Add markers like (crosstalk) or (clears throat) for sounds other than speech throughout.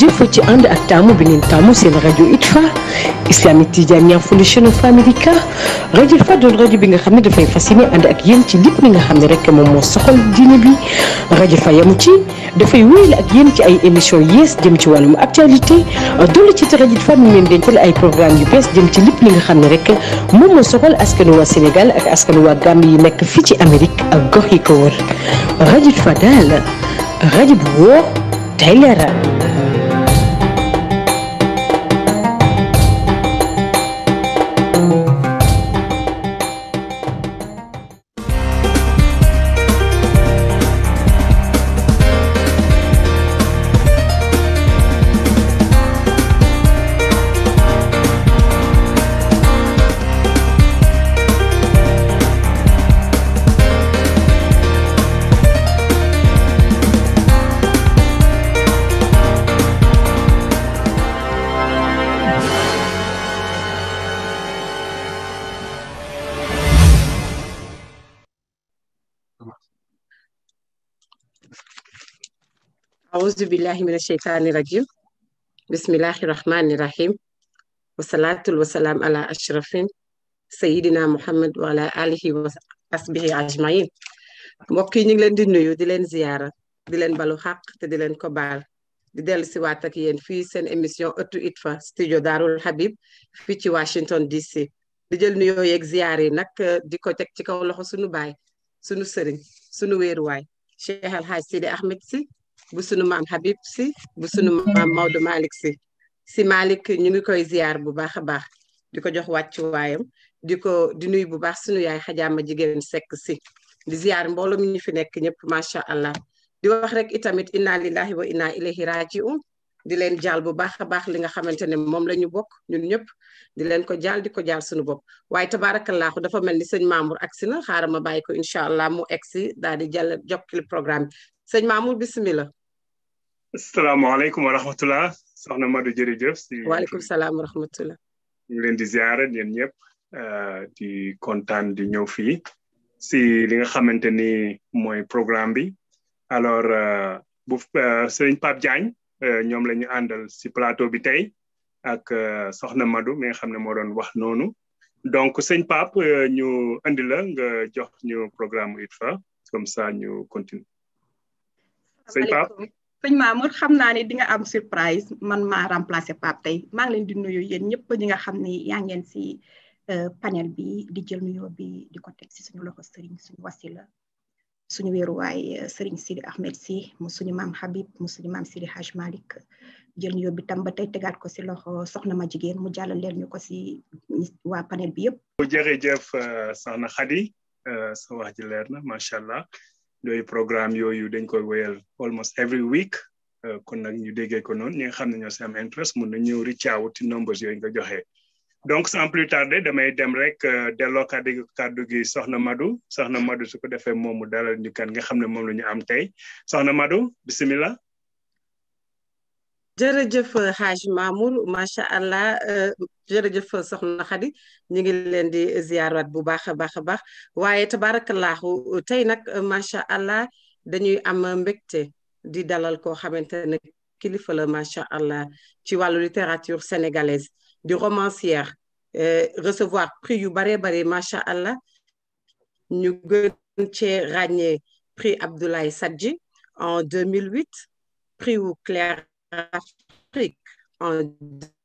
jëf ci ànd ak taamu bi ngeen taamu seen rajo ITFA Islamic Tijaniya Foundation of America rajo ITFA doon rajo bi nga xam ne dafay fasciné ànd ak yéen ci lépp li nga xam ne rek moom moo soxal diine bi rajo ITFA yamu ci dafay wéyal ak yéen ci ay émission yees jëm ci wàllum actualité dolli ci te rajo ITFA mu ngeen dencal ay programme yu bees jëm ci lépp li nga xam ne rek moom moo soxal askanu waa Sénégal ak askanu waa Gambie yi nekk fii ci Amérique ak gox yi ko wër rajo ITFA daal rajo bu wóor tey leeral أعوذ بالله من الشيطان الرجيم بسم الله الرحمن الرحيم والصلاة والسلام على أشرف سيدنا محمد وعلى آله وصحبه أجمعين mbokk yi ñu ngi leen di nuyu di leen ziyaara di leen balu xaq te di leen ko baal di dellu si waat ak yéen fii seen émission ëttu ITFA studio Darul Habib fii ci Washington DC di jël nuyoo yeeg ziyaar yi nag di ko teg ci kaw loxo sunu baay sunu sëriñ sunu wéeruwaay Cheikh Al Hadj Sidi Ahmed si bu sunu mam Habib si bu sunu mam maudu malik si si malik ñu ngi koy ziar bu baaxa baax di ko jox waccu di ko di nuy bu baax sunu yaay xajaama jigen sek si di ziar mbolo mi ñu fi ñep ma sha allah di wax rek itamit inna lillahi wa inna ilaihi rajiun di len jall bu baaxa baax li nga xamantene mom lañu bok ñun ñep di len ko jall di ko sunu suñu waye tabarakallah dafa melni seigne Mamour ak sina ma ko allah mu exi dal di jàll jokkil programme seigne Mamour bismillah salaamaaleykum wa rahmatulah soxna Madou jërëjëf. si waaleykum salaam wa rahmatulah. leen di ziare yéen ñëpp euh, di kontaan di ñëw fii si li nga xamante ni mooy programme bi alors euh, bu euh, sëriñ Pape ñoom la ñu àndal si plateau bi tey ak soxna Madou mi nga xam ne moo doon wax noonu donc sëñ Pape ñu andi la nga jox ñu programme ITFA comme ça ñu continue sëñ Pape. sëñ Mamour xam naa di nga am surprise man ma remplacer Pape tey ma ngi di nuyu ñi nga xam ne ngeen si euh, panel bi di jël nuyu bi di ko teg si suñu loxo sëriñ suñu wasila suñu wéeruwaay euh, Sidi Ahmed si mu suñu Habib mu suñu maam Sidi Haj Malik jël nuyu bi tam ba tey tegaat ko si loxo soxna ma jigéen mu leen ko si panel bi yëpp. jërëjëf euh, soxna Khady sa wax ji na yooyu programme yooyu dañ koy wéyal almost every week euh, kon nag ñu déggee ko noonu ñi nga xam ne ñoo si am interest mun na ñëw reach out ci numbers yooyu nga joxe. donc sans plus tarder damay dem rek euh, delloo kàddu kàddu gi soxna Madou soxna Madou su ko defee moomu dalal ñu kan nga xam ne moom la ñu am tey soxna Madou bisimilah. jërëjëf Haj Mamour macha allah euh, jërëjëf soxna Xadi ñu ngi leen di ziyaarwaat bu baax a baax a baax waaye tabaarakallaahu tey nag macha allah dañuy am mbégte di dalal koo xamante ne kilifa la macha allah ci wàllu littérature sénégalaise di romancière euh, recevoir prix yu bare bare macha allah ñu gën cee ràññee prix Abdoulaye Sadji en 2008 prix wu Claire l'Afrique en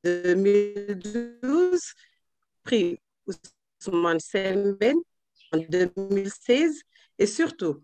2012, puis Ousmane Semben en 2016 et surtout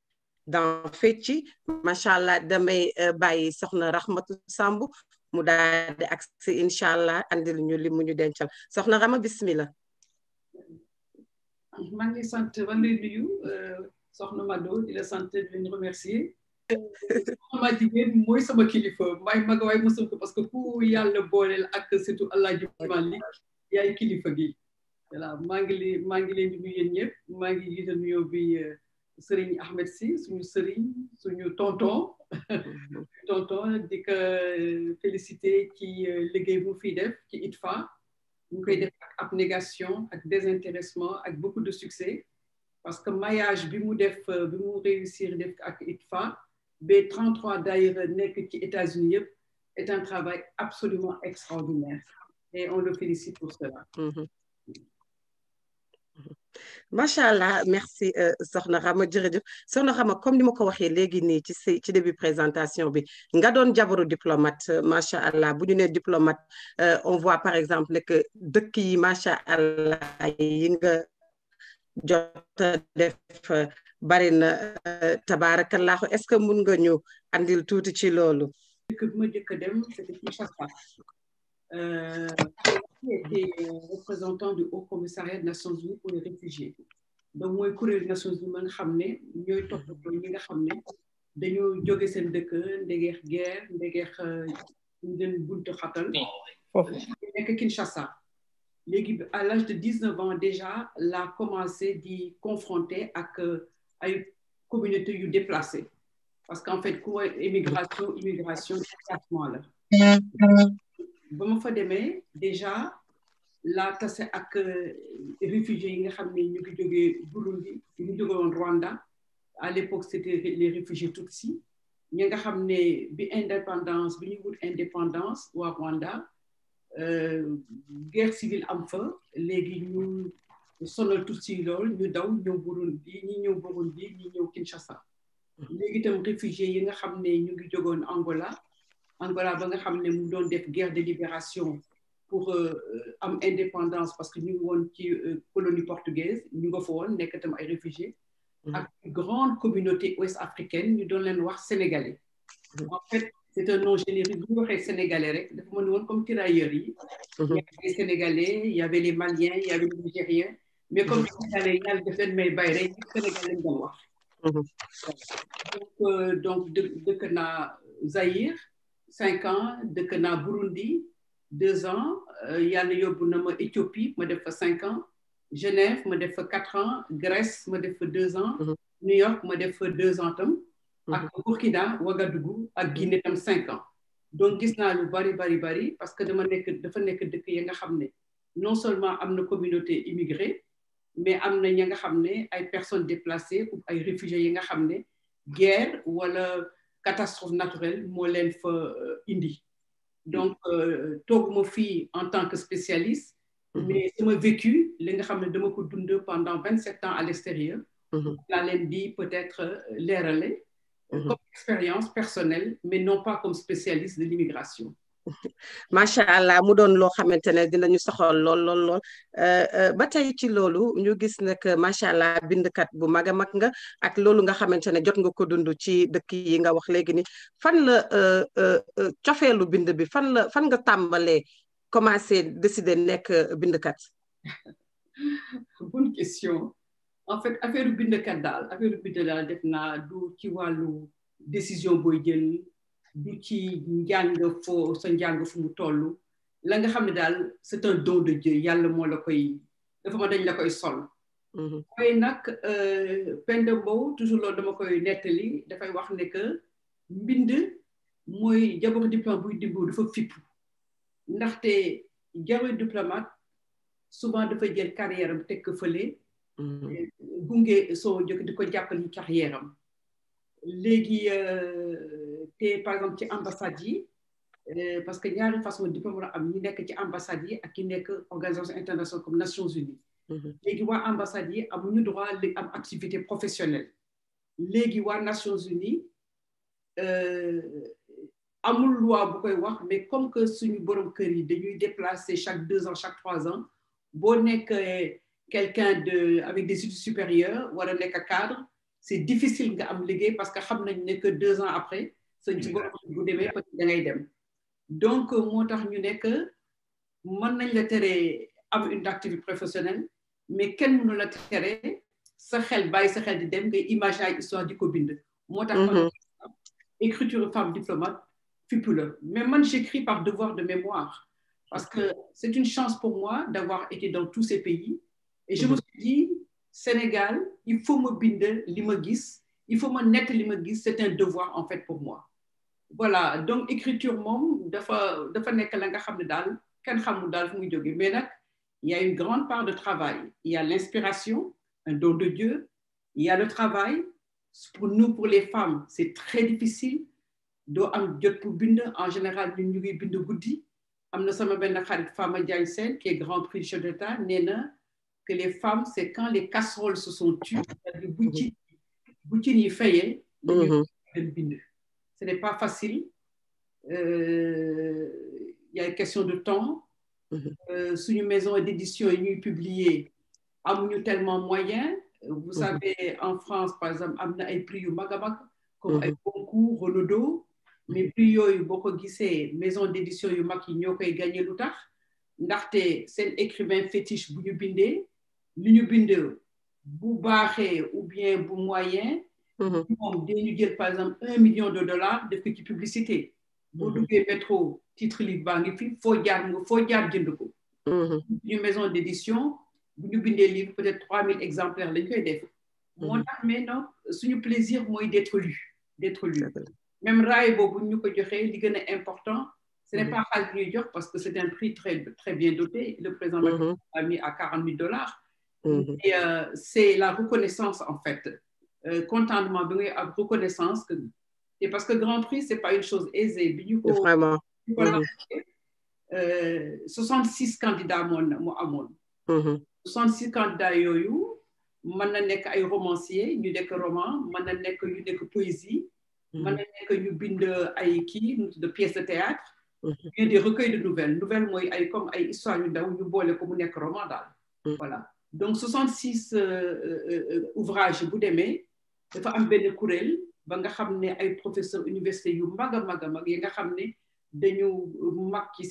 dans fecci macha allah damay euh, bàyyi soxna Rahmatou Samb mu daal di agsi incha allah andil ñu li mu ñu dencal soxna Rama bismillah. maa ngi sant ba lay nuyu euh, soxna Mado di la sant di remercier. soxna (laughs) sama kilifa may mag waay mosam ko parce que ku yàlla booleel ak surtout allah ji malik yaay kilifa gi leen maa ngi leen serigne Ahmed si suñu serigne suñu tonton (laughs) tonton di ko euh, félicité ci euh, liggéey bu qui def ci ITFA ñu koy def ak abnégation ak désintéressement avec beaucoup de succès parce que maillage bi mu def euh, bi mu réussir def ak ITFA b 33 d'ailleurs nekk ci États-Unis est un travail absolument extraordinaire et on le félicite pour cela. Mm-hmm macha allah merci euh, soxna Rama jërëjëf soxna Rama comme ni ma ko waxee léegi nii ci si ci début présentation bi nga doon jabaru diplomate euh, macha allah bu ñu diplomate euh, on voit par exemple que de yi macha allah yi nga jot def bari est-ce que mën nga ñu andil tout ci loolu. dëkk bi qui était euh, représentant du Haut Commissariat des Nations Unies pour les réfugiés. donc Nations Unies mhm. nga guerres, de guerre euh, à l'âge de 19 ans déjà la commencé d'y confronter à euh, communauté déplacée. parce qu'en fait quoi Immigration, immigration ba ma fa demee déjà la tase ak euh, réfugiés yi nga xam ne ñu ngi jógee Burundi ñu jóge woon Rwanda à l'époque c'était les réfugiés Tutsi ñi nga xam ne bi indépendance bi ñu wut indépendance waa Rwanda euh, guerre civile am fa léegi ñu sonal Tutsi lool ñu daw ñëw Burundi ñi ñëw Burundi ñi ñëw Kinshasa mm-hmm. léegi itam réfugiés yi nga xam ne ñu ngi jógoon Angola Angola ba nga xam mu doon def guerre de libération pour euh, am indépendance parce que nous, won une ci euh, colonie portugaise nous, nga des réfugiés. La mm-hmm. ay grande communauté ouest africaine nous doon les wax sénégalais mm-hmm. en fait c'est un nom générique bu ñu sénégalais rek dafa won comme tirailleurs mm-hmm. il y avait les sénégalais il y avait les maliens il y avait les nigériens mais comme sénégalais y a def les may bay rek sénégalais Noirs. donc euh, donc avons na Zaïre 5 ans de Kena Burundi, 2 ans, il y a le Éthiopie, moi j'ai fait 5 ans, Genève, moi j'ai fait 4 ans, Grèce, moi j'ai fait 2 ans, mhm. New York, moi j'ai fait 2 ans, et mhm. Burkina, Ouagadougou, à Guinée, 5 ans. Donc, je suis allé bari bari bari parce que je suis allé à la de que je suis Non seulement à communauté immigrée, mais à la communauté des personnes déplacées ou des réfugiés, guerre ou alors catastrophe naturelle molène euh, indi donc je euh, suis en tant que spécialiste mm-hmm. mais mon vécu li nga pendant 27 ans à l'extérieur mm-hmm. la peut-être euh, leerale mm-hmm. comme expérience personnelle mais non pas comme spécialiste de l'immigration (laughs) macha allah mu doon loo xamante ne dinañu soxal lool lool lool euh, euh, ba tey ci loolu ñu gis nag macha allah bindkat bu mag a mag nga ak loolu nga xamante ne jot nga ko dund ci dëkk yi nga wax léegi ni fan la euh, cofeelu bind bi fan la fan nga tàmbalee commencé décider nekk bindkat. (laughs) bonne question en fait affaire bindkat daal affaire bindkat daal def naa du ci wàllu décision booy jël. du ci njàng fo sa njàng fu mu toll la nga xam ne daal c'est un don de yàlla moo la koy dafa ma dañ la koy sol waaye mm-hmm. nag euh, Penda toujours loolu dama koy nettali dafay wax ne que mbind mooy jabooko diplomate buy dimbu dafa fipp ndaxte jawe diplomate souvent dafa jël carrière am teg ko fële mm-hmm. gunge soo jóg di ko jàppal yi carrière am léegi euh, par exemple ci ambassade yi euh, parce que ñaari façon une façon am ñi nekk ci ambassade yi ak ki organisation internationale comme Nations Unies mhm. les wa ambassade yi ñu droit am activité professionnelle les wa Nations Unies euh, amul loi bu de wax mais comme que suñu borom kër yi dañuy déplacer chaque deux ans chaque trois ans bo que quelqu'un de avec des études supérieures ou un cadre c'est difficile nga am parce que xam nañ que deux ans après bu demee ngay dem donc moo tax ñu nekk mën nañ la tere am une activité professionnelle mais kenn mënu la tere sa xel bàyyi sa xel di dem ngay image ay histoire di ko bind mm-hmm. écriture femme diplomate fipula mais man j'écris par devoir de mémoire parce que c'est une chance pour moi d'avoir été dans tous ces pays et je me mm-hmm. suis dit Sénégal il faut me binder li ma il faut ma nett li ma c'est un devoir en fait pour moi voilà donc écriture mom dafa dafa nek la nga xamne dal ken xamul daal fu muy mais nak il y a une grande part de travail il y a l'inspiration un don de Dieu il y a le travail pour nous pour les femmes c'est très difficile do am jot pour bind en général ñun ñu ngi bind guddi am sama benn xarit Fama Diagne sen qui est grand prix chef d'État Nena. que les femmes c'est quand les casseroles se sont tues c'est-à-dire bu ci bu ci ñi ce n'est pas facile. Euh, il y a une question de temps. Mhm. Euh, sous une maison d'édition et nuit publiée, amuñu tellement moyen. Vous mhm. savez, en France, par exemple, y et un prix au mag a mag comme mhm. Renaudot. mais prix yooyu boo ko maison d'édition yu a yi a gagné lu tax C'est l'écrivain écrivain fétiche bu ñu Boubaré ou bien bu moyen moom dañu jël par exemple un million de dollars de publicité. Mmh pour duggee métro titre livre baa ngi fi foo jaar une maison d'édition Vous bu ñu livres peut être 3000 exemplaires lañ koy def. moo mais non suñu plaisir moi d'être lu d'être lu même raay vous ñu ko joxee est important. ce n'est mmh pas xaalis bi dur parce que c'est un prix très très bien doté le président mmh a mis à 40 000 dollars. et euh, c'est la reconnaissance en fait. Euh, contentement de reconnaissance que et parce que grand prix c'est pas une chose aisée vraiment euh, candidats mon moo 66 mm-hmm. candidats yooyu mën na suis ay romancier ñu suis roman je na nekk ñu poésie je mm-hmm. na nekk ñu bind de pièces de théâtre a mm-hmm. des recueils de nouvelles nouvelles mooy ay comme ay histoire yu ndaw ñu une ko roman voilà donc 66 euh, euh, ouvrages vous aimez dafa am benn kuréel ba nga xam ay professeur université yu a mag a mag nga xam dañu mag ci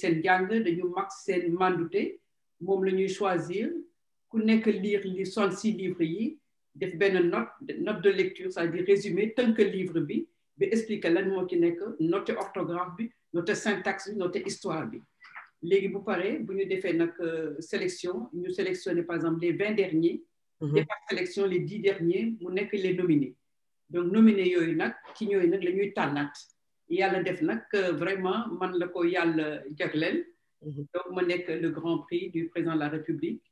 choisir ku lire li son livres yi def note note de lecture ça à dire résumé tënk livre bi explique explique lan moo ci note orthographe bi note syntaxe note histoire bi léegi bu paree nous ñu defee euh, sélection Nous sélectionnons par exemple les 20 derniers et mhm. par sélection les dix derniers est que les nominés donc nominés yooyu nag ci les nag la ñuy tànnaat a def nag euh, vraiment man la ko mhm. donc ma le grand prix du président de la république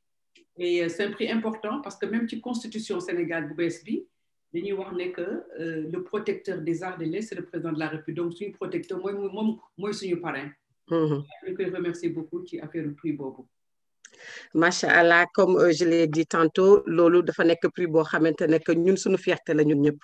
et euh, c'est un prix important parce que même si constitution Sénégal bu les bi dañuy que euh, le protecteur des arts de l'Est c'est le président de la république donc suis protecteur Moi, je suis suñu parrain Je mhm. veux remercier beaucoup qui a fait le prix Bobo. macha allah comme euh, je l'ai dit tantôt loolu dafa nekk prix boo xamante ne que ñun suñu fierté la ñun ñëpp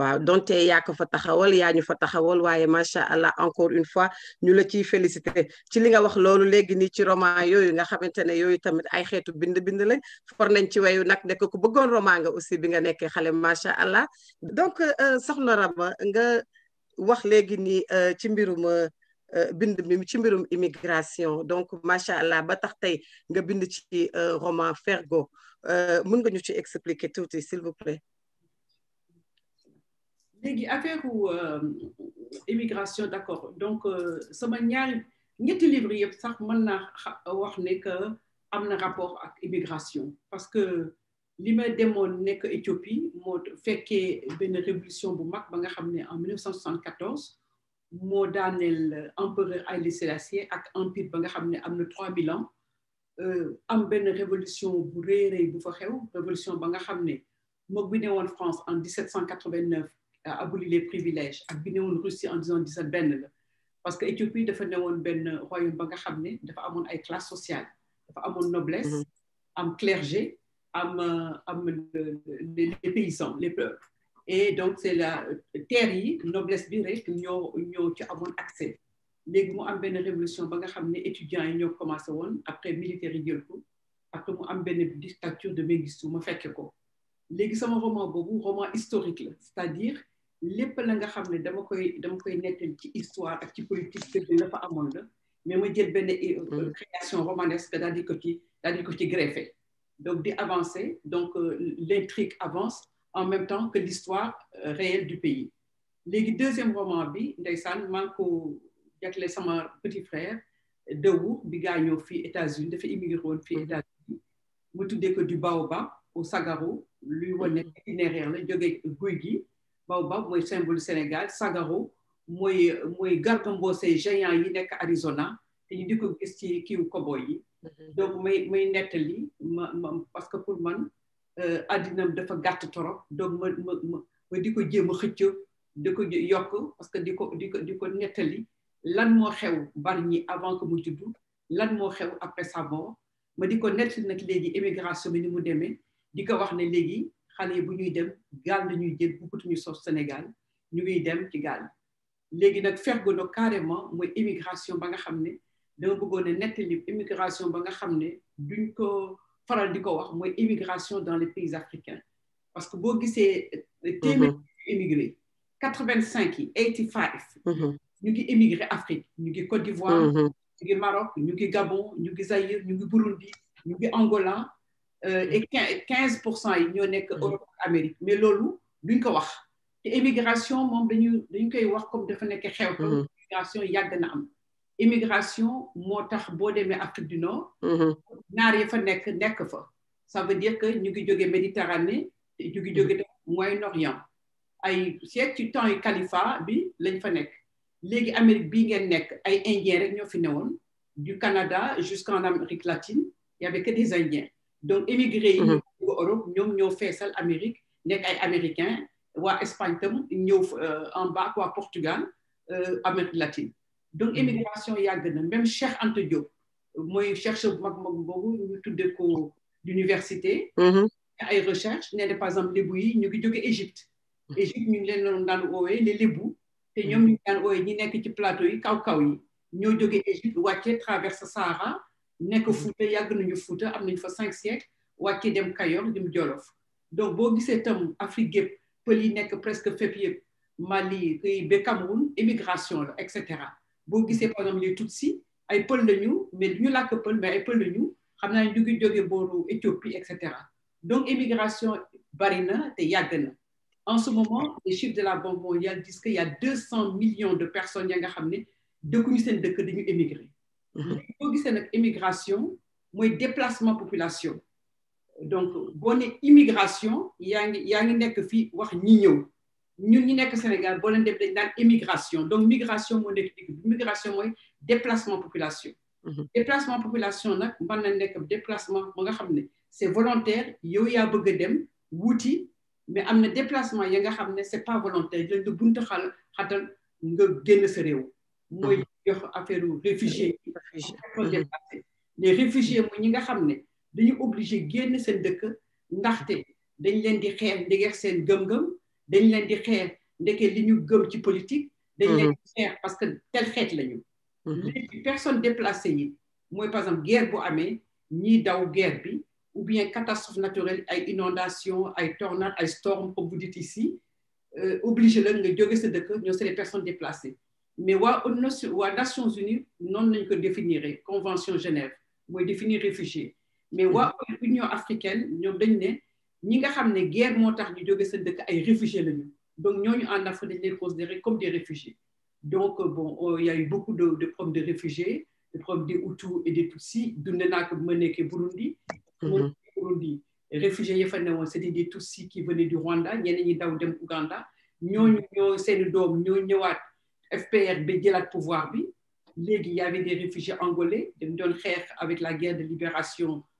waaw donte yaa ko fa taxawal yaa ñu fa taxawal waaye macha allah encore une fois ñu la ciy félicité ci li nga wax loolu léegi nii ci roman yooyu nga xamante ne yooyu tamit ay xeetu bind bind lañ for nañ ci wayu nag nekk ku bëggoon roman nga aussi bi nga nekkee xale macha allah donc euh, euh, soxna Rama nga wax léegi nii ci mbirum. Euh, bind bi ci mbirum immigration donc macha allah ba tax tey nga bind ci euh, roman Fergo euh, mën nga ñu ci expliquer tout s'il vous plaît. légui affaire ou immigration d'accord donc sama ñaari ñetti livre yëpp sax mën na wax ne que rapport ak immigration parce que li ma demoon Éthiopie mo fekkee une révolution bu mag ba nga xamné en 1974 moo daaneel euh, empereur Haïlé Sélassié ak empire ba nga xam ne am na 3000 ans euh, am une révolution bu rëy rëy bu fa révolution ba nga xam ne une France en 1789 euh, aboli les privilèges ak bi Russie en 1917 parce que Éthiopie dafa un royaume ba nga xam ne dafa amoon ay classe sociale dafa amoon noblesse mm-hmm. am clergé am am les paysans les peuples et donc c'est la terre yi noblesse bi rek ñoo ñoo ci amoon accès légui mu am ben révolution ba nga xamné étudiants yi ñoo commencé woon après militaire yi jël ko après mu am ben dictature de Mengistu ma fekke ko légui sama roman bobu roman historique la cest à dire lépp la nga xamné dama koy dama koy nettali ci histoire ak ci politique dëgg la fa amone la mais ma jël ben création romanesque daal di ko ci daal di ko ci greffé donc di avancé donc euh, l'intrigue avance en même temps que l'histoire euh, réelle du pays léegi deuxième roman bi ndeysaan maa ngi ko jagle sama petit frère Dawour bi gaañoo fii États-Unis dafa immigré woon fii États-Unis mu tuddee ko du baobab au sagaro luy wane itinéraire la jógee guy gi baobab mooy symbole Sénégal sagaro mooy mooy gargamboose géant yi nekk Arizona te ñu di ko ci kiiw kobo yi mm-hmm. donc may may nettali parce que pour man adinam euh, dafa gàtt torop donc ma ma ma di ko jéem a xëccoo di ko yokk parce que di ko di ko di ko nettali lan moo xew Bargny avant que mu juddu lan moo xew après sa mort ma di ko nettali nag léegi émigration bi ni mu demee di ko wax ne léegi xale yi bu ñuy dem gaal la ñuy jël bukkutuñu sof Sénégal ñu ngi dem ci gaal léegi nag fergono carrément mooy immigration ba nga xam ne dama bëggoon a nettali immigration ba nga xam ne duñ ko faral wax moy immigration dans les pays africains parce que bo gisé témé immigrés. 85 85 ñu ngi immigré afrique ñu ngi côte d'ivoire mhm. ñu qui maroc ñu ngi gabon ñu ngi zaïre ñu ngi burundi ñu ngi angola euh et 15% ñoo nek mhm. europe amérique mais lolu duñ ko wax immigration mom dañu dañ wax comme dafa immigration moo tax boo demee Afrique du Nord. Mhm. naar yi fa nekk nekk fa. ça veut dire que ñu ngi jóge Méditerranée ñu ngi jóge Moyen-Orient ay seet ci temps yi califat bi lañ fa nekk. léegi Amérique bii ngeen nekk ay indiens rek ñoo fi newoon du Canada jusqu'en Amérique latine y avait que des indiens donc émigré yi mhm. ñëw Europe ñoom ñoo feesal Amérique nekk ay américains waa Espagne tam ñëw euh, en bas waa Portugal euh, Amérique latine donc mm. immigration yàgg na même Cheikh Anta Diop moy chercheur bu mag mag boobu ñu tuddee ko l'université mm-hmm. ay recherche né par exemple les yi ñu ngi jóge Égypte Égypte ñu ngi leen doon daan oowee les libou té ñom ñu daan oowee ñi nekk ci plateau yi kaw-kaw yi ñoo jóge Égypte wàcce traverse Sahara nekk mm-hmm. Fuuta yàgg nañu Fuuta am nañu fa 5 siècles wàcce dem Kayor dem Jolof donc bo gisee tam Afrique gep pël yi nekk presque fépp yëpp Mali kii ba Cameroun émigration la et boo gisee par exemple ñuy tutsi ay le lañu mais ñu la que pël mais ay le lañu xam naa ñu ngi jóge Éthiopie etc. donc immigration barina té te en ce moment les chiffres de la Banque mondiale disent qu'il y a 200 millions de personnes ya nga xam de dëkkuñu de dëkk dañu émigré mhm. boo gisee nak immigration moy déplacement population donc bonne immigration yaa ngi yaa ngi nekk wax ñi ñëw ñun ñi nekk Sénégal boo leen def dañ daan immigration donc migration moo nekk migration mooy déplacement population mhm. déplacement population nag mën na nekk déplacement ba nga xam ne c'est volontaire yow yaa bëgg a dem wuuti mais am na déplacement ya nga xam ne c'est pas volontaire lañ la bunta xal xatal nga génn sa réew mooy mhm. jox affaire réfugié mhm. les réfugiés mooy ñi nga xam ne dañu obligé génn seen dëkk ndaxte dañ leen di xeex di xeex seen gëm-gëm dañ leen di xeer ndeke li ñu gëm ci politique dañ leen mhm. parce que tel xeet lañu les mhm. léegi personne déplacée par exemple guerre bu amee ñii guerre bi ou bien catastrophe naturelle ay inondation ay tornade ay storm comme vous dites ici euh, obligé les nga jóge sa dëkk ñoo c'est les personnes déplacées mais waa Nations Unies ne nañ ko définir convention de Genève mais définir réfugiés. mais waa union africaine ñoom dañ ñi nga xam ne guerre moo tax ñu jóge seen dëkk ay réfugiés lañu donc ñooñu en Afrique dañ leen considéré comme des réfugiés donc euh, bon oh, il y a eu beaucoup de de problèmes de réfugiés de problèmes des Hutus et des Tutsis dund naa ko ma nekkee Burundi. Mhm. Burundi réfugiés yi fa c'était des Tutsis qui venaient du Rwanda ñeneen ñi daw dem Ouganda ñooñu ñoo seeni doom ñoo ñëwaat FPR bi jëlaat pouvoir bi léegi y avait des réfugiés angolais dañ doon xeex avec la guerre de libération.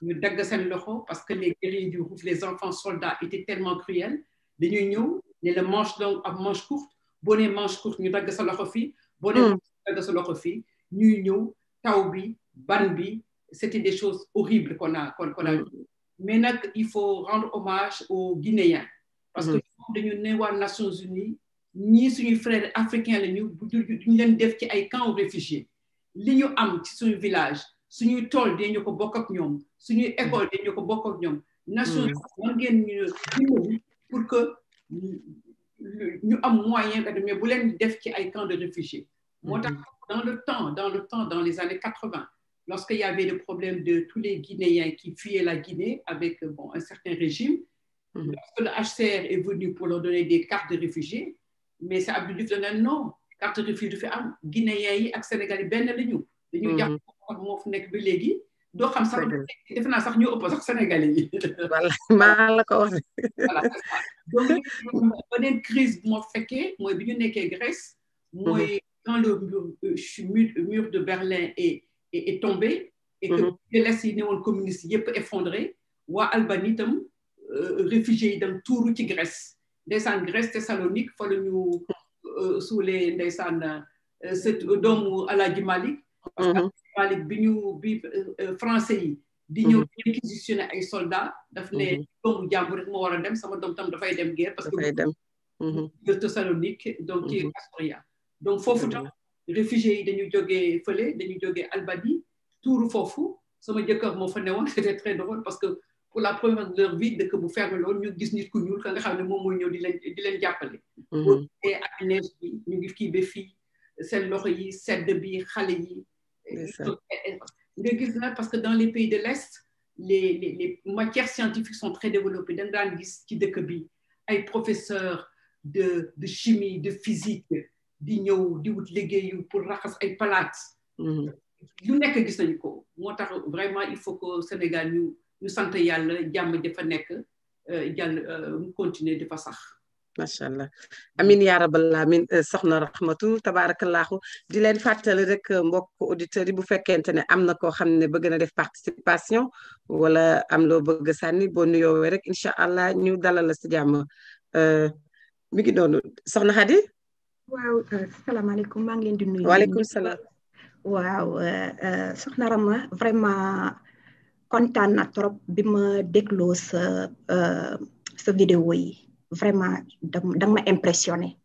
ñu dagg seen loxo parce que les guerriers du Rouf les enfants soldats étaient tellement cruels dañuy ñëw ne la manche longue ak manche courte boo nee manche courte ñu dagg sa loxo fii boo nee hmm. dagg sa loxo fii ñuy ñëw taw bi ban bi c'était des choses horribles qu'on a qu'on a hmm. mais nag il faut rendre hommage aux Guinéens parce que hmm. ñoom dañu ne Nations Unies ñii suñu frères africains la ñu duñu leen def ci ay camps réfugiés li ñu am ci suñu village suñuy tool dinañu ko bokk ak ñoom suñu mm-hmm. école dañu ko bokk ak ñom mm-hmm. nation man ngeen ñu pour que ñu am moyen de mais bu des def ci ay camps de réfugiés mm-hmm. dans le temps dans le temps dans les années 80 lorsqu'il y avait le problème de tous les Guinéens qui fuyaient la Guinée avec bon, un certain régime lorsque le HCR est venu pour leur donner des cartes de réfugiés mais ça a dû dana non carte de réfugié du fi am Guinéens yi ak ben yi benn la ñu dañu fi ba do xam sax defe naa sax ñu ëpp sax sénégalais yi. voilà maa la ko wax. donc beneen crise bu ma fekkee mooy bi ñu nekkee Grèce. mooy mhm. quand le mur euh, mur de Berlin est est tombé. et que de mhm. l'Est yi newoon communiste yëpp effondré waa Albanie itam euh, réfugié yi itam tuuru ci Grèce ndeysaan Grèce Thessalonique fa la ñu euh, suulee ndeysaan sët doomu Alaaji Malik. Mhm. Malick bi bi euh, euh, français di ñëw mhm. réquisitionné ay soldats daf ne mhm. doomu jàmbur rek moo war dem sama doom tam fay dem guerre parce que mhm. Thessalonique donc ci Astoria donc fofu tam réfugiés yi dañu joggé feulé dañu joggé Albadi touru fofu sama jëkkër mo fa newoon (laughs) c'était très drôle parce que pour la première de leur vie que bu fermé lool ñu gis nit ku ñuul ka nga xamné ne moy ñeu di leen di len jappalé te ak neige bi ñu ngi kii be fi seen loxo yi sedd bi xalé yi le gis parce que dans les pays de l'Est les les les matières scientifiques sont très développées dans nga daan gis ci dëkk bi ay professeurs de de chimie de physique di ñëw di wut liggéeyu pour raxas ay palaat mm-hmm. lu nekk gis nañu ko moo vraiment il faut que Sénégal nous nous sant yàlla jàmm dafa nekk euh, jàll euh, mu continuer dafa sax macha allah mm. amin yaa rabal amin euh, soxna rahmatu tabaarakallaahu di leen fàttali rek euh, mbokk auditeurs yi bu fekkente ne am na koo xam ne bëgg na def participation wala am loo bëgg sànni boo nuyoowee rek incha allah ñu dalal la si jàmm euh, ngi doonu soxna Xadi. waaw di nuyu. waaleykum salaam. waaw soxna Rama vraiment kontaan trop bi ma dégloo sa vidéo yi. vraiment da ma impressionné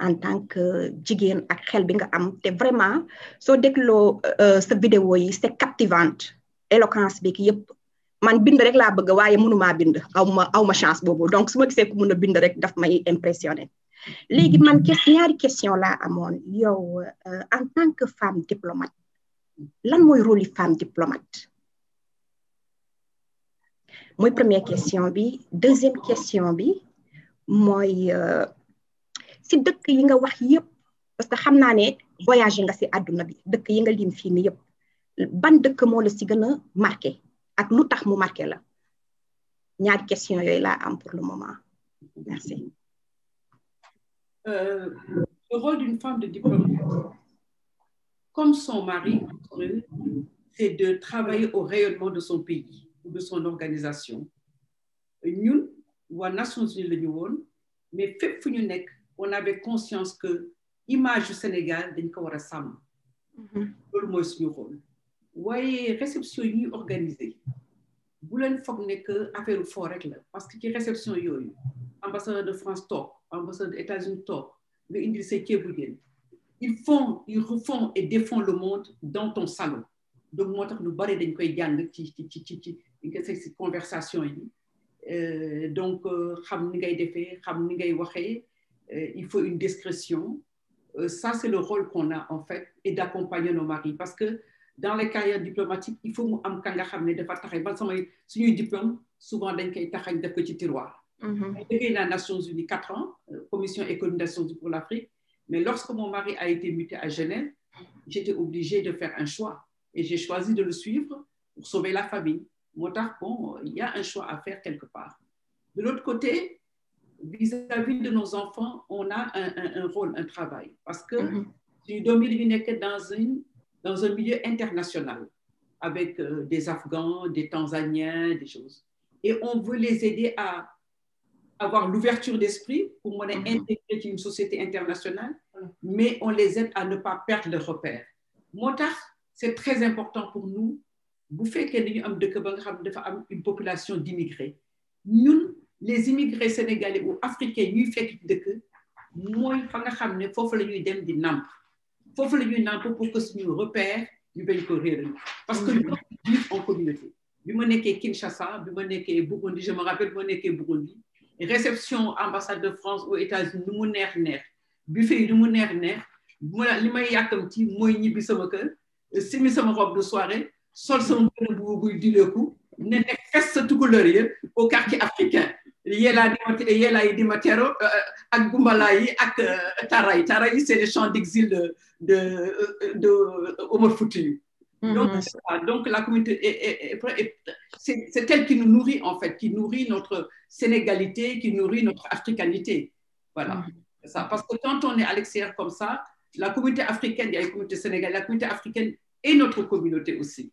en tant que jigéen ak xel bi nga am té vraiment ce euh, ce vidéo yi c'est captivante éloquence bi ki yëpp man bind rek la bëgg waye mënuma bind awma awma chance bobu donc suma ma gisee ku mën bind rek daf may impressionné légui man ñaari question la amone yow euh, en tant que femme diplomate lan moy rôle femme diplomate moy première question bi deuxième question bi moi, euh, si dëkk yi nga wax yépp parce que xam naa ne yi nga si àdduna bi dëkk yi nga lim fii ni yépp ban dëkk moo la si gën a marqué ak lu tax mu marqué la question am pour le moment merci. Euh, le rôle d'une femme de diplomate, comme son mari, c'est de travailler au rayonnement de son pays ou de son organisation. Nous, à Nations Unies la ñu mais fépp fu ñu on avait conscience que image du Sénégal dañ ko war a sàmm. Mhm. loolu mooy suñu rôle. waaye réception yi ñuy organiser bu leen une ne affaire fort rek la parce que ci réception yooyu ambassadeur de France top, ambassadeur des États-Unis top, nga indil sa ceebu jën ils font ils refont et défont le monde dans ton salon donc moo tax lu bari dañ koy jàng ci ci ci ci ci conversation yi donc il faut une discrétion euh, ça c'est le rôle qu'on a en fait et d'accompagner nos maris parce que dans les carrières diplomatiques il faut que am ka des diplômes. dafa diplôme souvent dañ koy taxañ J'ai été ci tiroir à mm-hmm. la Nations Unies 4 ans euh, commission économique des pour l'Afrique mais lorsque mon mari a été muté à Genève j'étais obligée de faire un choix et j'ai choisi de le suivre pour sauver la famille Motard, bon il y a un choix à faire quelque part de l'autre côté vis-à-vis de nos enfants on a un, rôle un travail parce que tu -hmm. une dans une dans un milieu international avec euh, des Afghans des Tanzaniens des choses et on veut les aider à avoir l'ouverture d'esprit pour monter mhm. dans intégrer une société internationale mais on les aide à ne pas perdre leur repère Motard, c'est très important pour nous bu fekkee dañu am dëkk ba nga xam dafa am une population d'immigrés ñun les immigrés sénégalais ou africains ñuy fekk ci dëkk mooy fa nga xam ne foofu la ñuy dem di nàmp foofu la ñuy pour que suñu repère ñu bañ ko parce que ñu vivre en communauté bi ma nekkee Kinshasa bi ma je me rappelle bi ma nekkee réception ambassade de France aux États-Unis Nous mu neex neex buffet yi nu mu neex neex li may yàkkamti mooy ñibbi sama kër simi sama robe de soirée sol sama bënn bu buy dileeku ne ne fes sa au quartier africain yelaa a yelaa yi dima tero euh, euh, ak gumbala yi ak euh, taray yi c'est le champ d'exil de de de Omar mm-hmm. donc, donc la communauté c'est elle qui nous nourrit en fait qui nourrit notre sénégalité qui nourrit notre africanité voilà mm-hmm. ça parce que quand on est à l'extérieur comme ça la communauté africaine il y a la communauté sénégalaise la communauté africaine et notre communauté aussi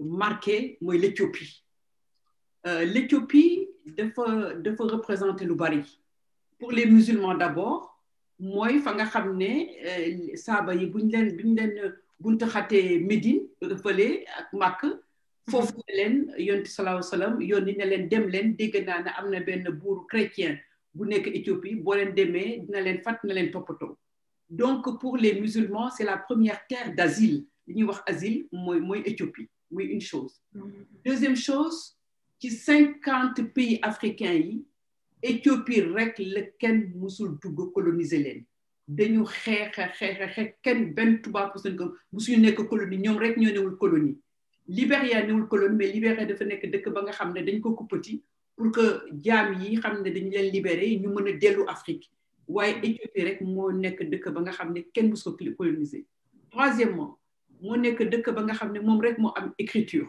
marqué moy l'Éthiopie euh, l'Éthiopie de dafa représenter le bari pour les musulmans d'abord moy fa nga xamné ne euh, saaba yi buñ len buñ len buntu xaté Médine feulé ak Màkk fofu len yonti salaahu salaam yónni ne leen dem len dégg naa ne am na benn chrétien bu nek Éthiopie bo len démé dina len fat na Popoto. donc pour les musulmans c'est la première terre d'asile li ñuy wax asile moy moy Éthiopie oui, une chose mm-hmm. deuxième chose qui 50 pays africains et Éthiopie rek le ken musul dugo coloniser len. dañu xeex xeex xeex kenn benn tubaab bu seen ko colonie ñom rek ñoo colonie Libéria colonie mais dafa nek ba nga dañ ko pour que yi dañ leen ñu Afrique Éthiopie rek mo nek ba nga troisièmement moo nekk dëkk ba nga xam ne moom rek moo am écriture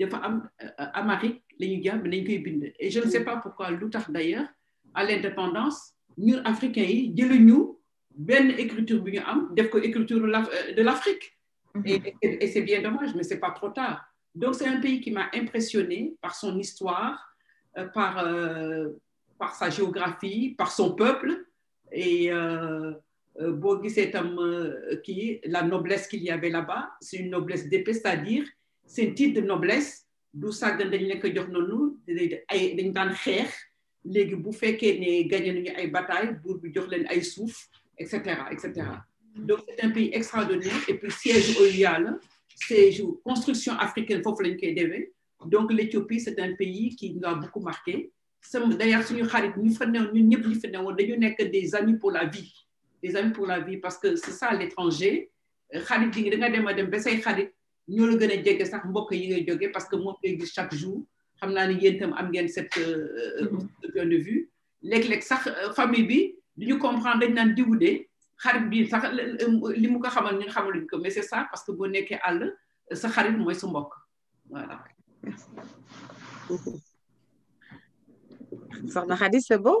dafa am euh, amérique lañu jàpp koy bind et je ne sais pas pourquoi lu tax d'ailleurs à l'indépendance ñun africains yi jëluñu benn écriture bi ñu am def ko écriture de euh, l'Afrique mm-hmm. et, et c'est bien dommage mais c'est pas trop tard donc c'est un pays qui m'a impressionné par son histoire euh, par, par sa géographie par son peuple et euh, boo gisee tam euh, kii la noblesse qu'il y avait là-bas c'est une noblesse d'épée c'est-à-dire un titre de noblesse d'où sàggan dañ leen ko nous noonu ay dañ daan xeex léegi bu ne gagné nañu ay bataille buur bi jox leen ay suuf et cetera et cetera donc c'est un pays extraordinaire et puis siège OUA c'est une construction africaine foofu lañ koy defee donc l'Éthiopie c'est un pays qui nous a beaucoup marqué d'ailleurs suñu xarit ni fa new ñun ñëpp ñu fa newoon dañu des amis pour la vie des amis pour la vie parce que c'est ça l'étranger xarit yi nga dem dem ba say xarit ñoo la gën a jege sax mbokk yi ngay jóge parce que moom ngay gis chaque jour xam naa ni yéen tam am ngeen euh, mm-hmm. cette point de vue léeg-léeg sax euh, famille bi du ñu comprendre dañ naan diwu de xarit bi sax euh, li mu ko xamal ñun xamaluñ ko mais c'est ça parce que boo nekkee àll sa xarit mooy sa mbokk voilà soxna Khady c'est bon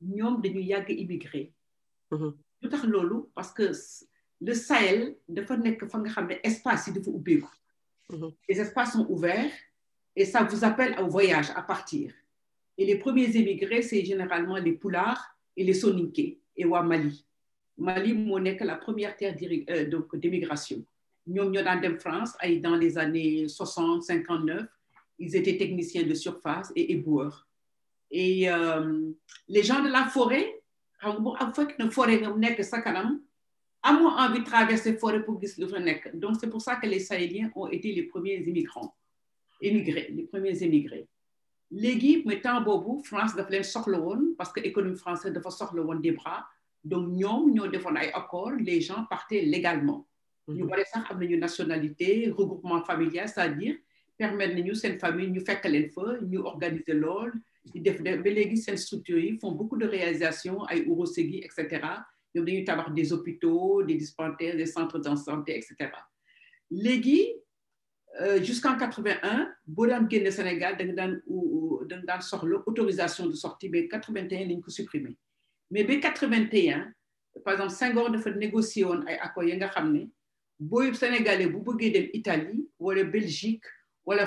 ñoom dañu yàgg immigré mhm. lu tax loolu parce que le Sahel dafa nekk fa nga espace yi mhm. les espaces sont ouverts et ça vous appelle au voyage à partir et les premiers émigrés c'est généralement les Poulards et les Soninké et à Mali Mali moo la première terre euh, donc d'émigration ñoom ñoo dem France dans les années 60-59, ils étaient techniciens de surface et éboueurs et euh, les gens de la forêt, moins envie de traverser la forêt pour le Donc, c'est pour ça que les Sahéliens ont été les premiers immigrants, les premiers immigrés. L'équipe, mettant Bobo, France, de parce que l'économie française devait sortir des bras. Donc, nous, nous devons encore, les gens partaient légalement. Nous voulons ça une nationalité, regroupement familial, c'est-à-dire permettre nous, cette famille, nous faire le feu, nous organiser l'ordre, ils font beaucoup de réalisations à urosegi etc. cetera ont des hôpitaux des dispensaires des centres de santé etc. cetera euh, jusqu'en 81 le Sénégal a nga l'autorisation autorisation de sortie mais 81 lañ ko mais b 81 par exemple 5 ans négocier négociation, ay accords nga xam sénégalais bu bëggee Italie wala Belgique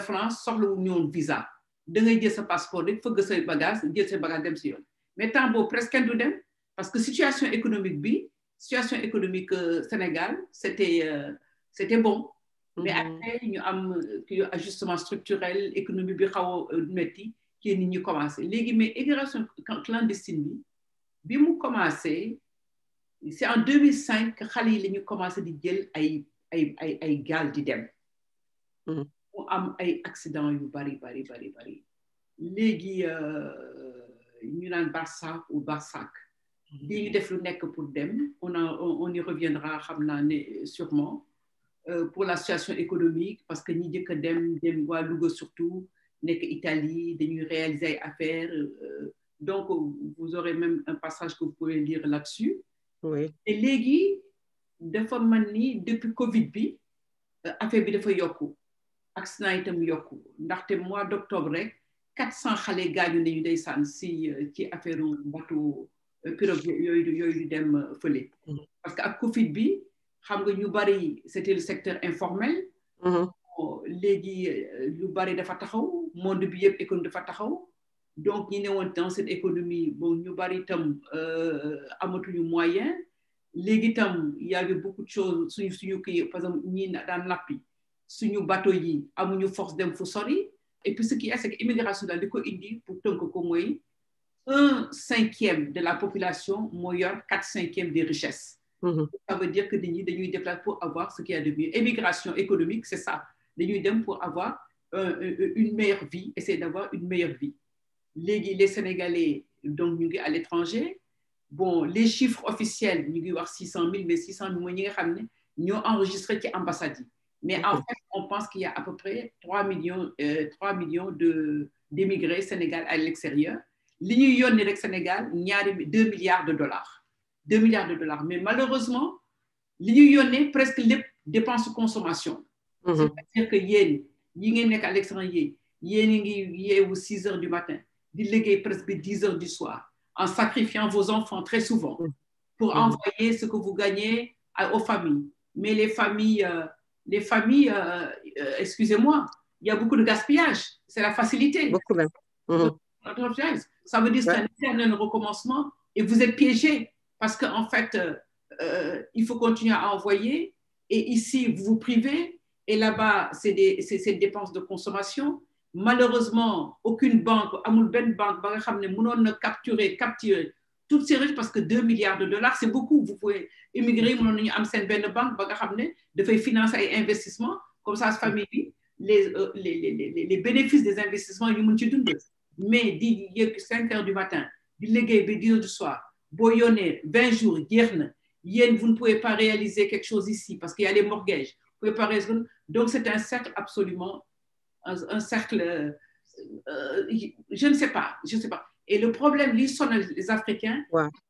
France sortent l'union de visa da ngay jël sa passeport rek fëgg say bagage jël say bagage dem si yoon mais temps boobu presque kenn du dem parce que situation économique bi situation économique euh, Sénégal c'était euh, c'était bon mais mhm. après ñu am euh, ajustement structurel économie bi xaw a metti kii nit ñi commencé léegi mais immigration clandestine bi bi mu commencé c'est en 2005 que xale yi la ñu commencé di jël ay ay ay gaal di dem mhm am ay accident yu bari bari bari bari léegi euh, ñu naan ou mhm. def lu nekk pour dem on a on y reviendra sûrement euh, pour la économique parce que ni a dem dem surtout nekk Italie réaliser ay affaires euh, donc vous aurez même un passage que vous pouvez lire là-dessus oui et léegi dafa depuis Covid bi affaire bi accident itam yokku ndaxte mois d' octobre rek quatre cent xale gaañu nañu ndeysaan si euh, ci affaire bateau euh, pirogue yooyu yooyu di dem euh, fële mm-hmm. parce que ak covid bi xam nga ñu bari c' était le secteur informel mm-hmm. léegi lu bari dafa taxaw monde bi yëpp économie dafa taxaw donc ñi newoon dans cette économie bon ñu bari itam amatuñu moyen léegi itam y avait beaucoup de choses suñu suñu kii par exemple ñi daan nappi suñu bateau yi amuñu force dem fu sori et puis ce qui est c'est que l'immigration, c'est indi pour tënk ko un cinquième de la population moyen 4 quatre cinquièmes des richesses mm-hmm. ça veut dire que nit ñi dañuy déplacer pour avoir ce qu'il y a de mieux immigration économique c'est ça dañuy dem pour avoir euh, euh, une meilleure vie essayer d'avoir une meilleure vie les sénégalais donc nous, ngi à l'étranger bon les chiffres officiels nous, ngi wax six mais 600 000, mille nous ñi nga xam enregistré ci mais en fait, on pense qu'il y a à peu près 3 millions, euh, millions de, d'émigrés sénégalais à l'extérieur. L'Union le Sénégal, il y a 2 milliards de dollars. 2 milliards de dollars. Mais malheureusement, l'Union est presque les dépenses de consommation. Mhm. C'est-à-dire que yen, yen à l'extérieur, yen ou 6 heures du matin, est presque 10 heures du soir, en sacrifiant vos enfants très souvent mhm. pour mhm. envoyer ce que vous gagnez aux familles. Mais les familles... Euh, les familles, euh, euh, excusez-moi, il y a beaucoup de gaspillage. C'est la facilité. Beaucoup même. Mhm. Ça veut dire que y a un recommencement et vous êtes piégé parce qu'en fait, euh, il faut continuer à envoyer et ici, vous vous privez et là-bas, c'est des, c'est des dépenses de consommation. Malheureusement, aucune banque, Amoul Ben Banque, capturer, capturer toutes ces riches parce que 2 milliards de dollars c'est beaucoup vous pouvez immigrer vous avez am banque ba nga financer ay investissement comme ça mm. famille euh, les les les les bénéfices des investissements ils ci dund mais di que 5 heures du matin 10 heures du soir boo 20 jours jeex na vous ne pouvez pas réaliser quelque chose ici parce qu'il y a les mortgages pouvez pas donc c'est un cercle absolument un, cercle euh, euh, je ne sais pas je ne sais pas et le problème, ce sont les Africains,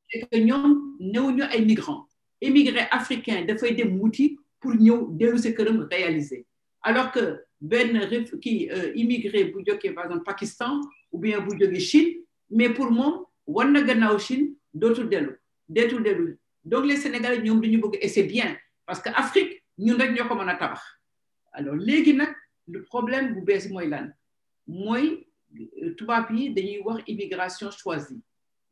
c'est que nous sommes des ay migrants. africains, ont des des outils pour nous dellu ce réaliser. Alors que qui kii euh, immigré bu va par exemple Pakistan ou bien de Chine, mais pour moi, moom war na en Chine d'autres dellu d'autres dellu. Donc les Sénégalais ñoom dañu bëgg et c'est bien parce que Afrique ñun rek comme un Alors le problème bu que Moy. lan tubaab yi dañuy wax immigration choisie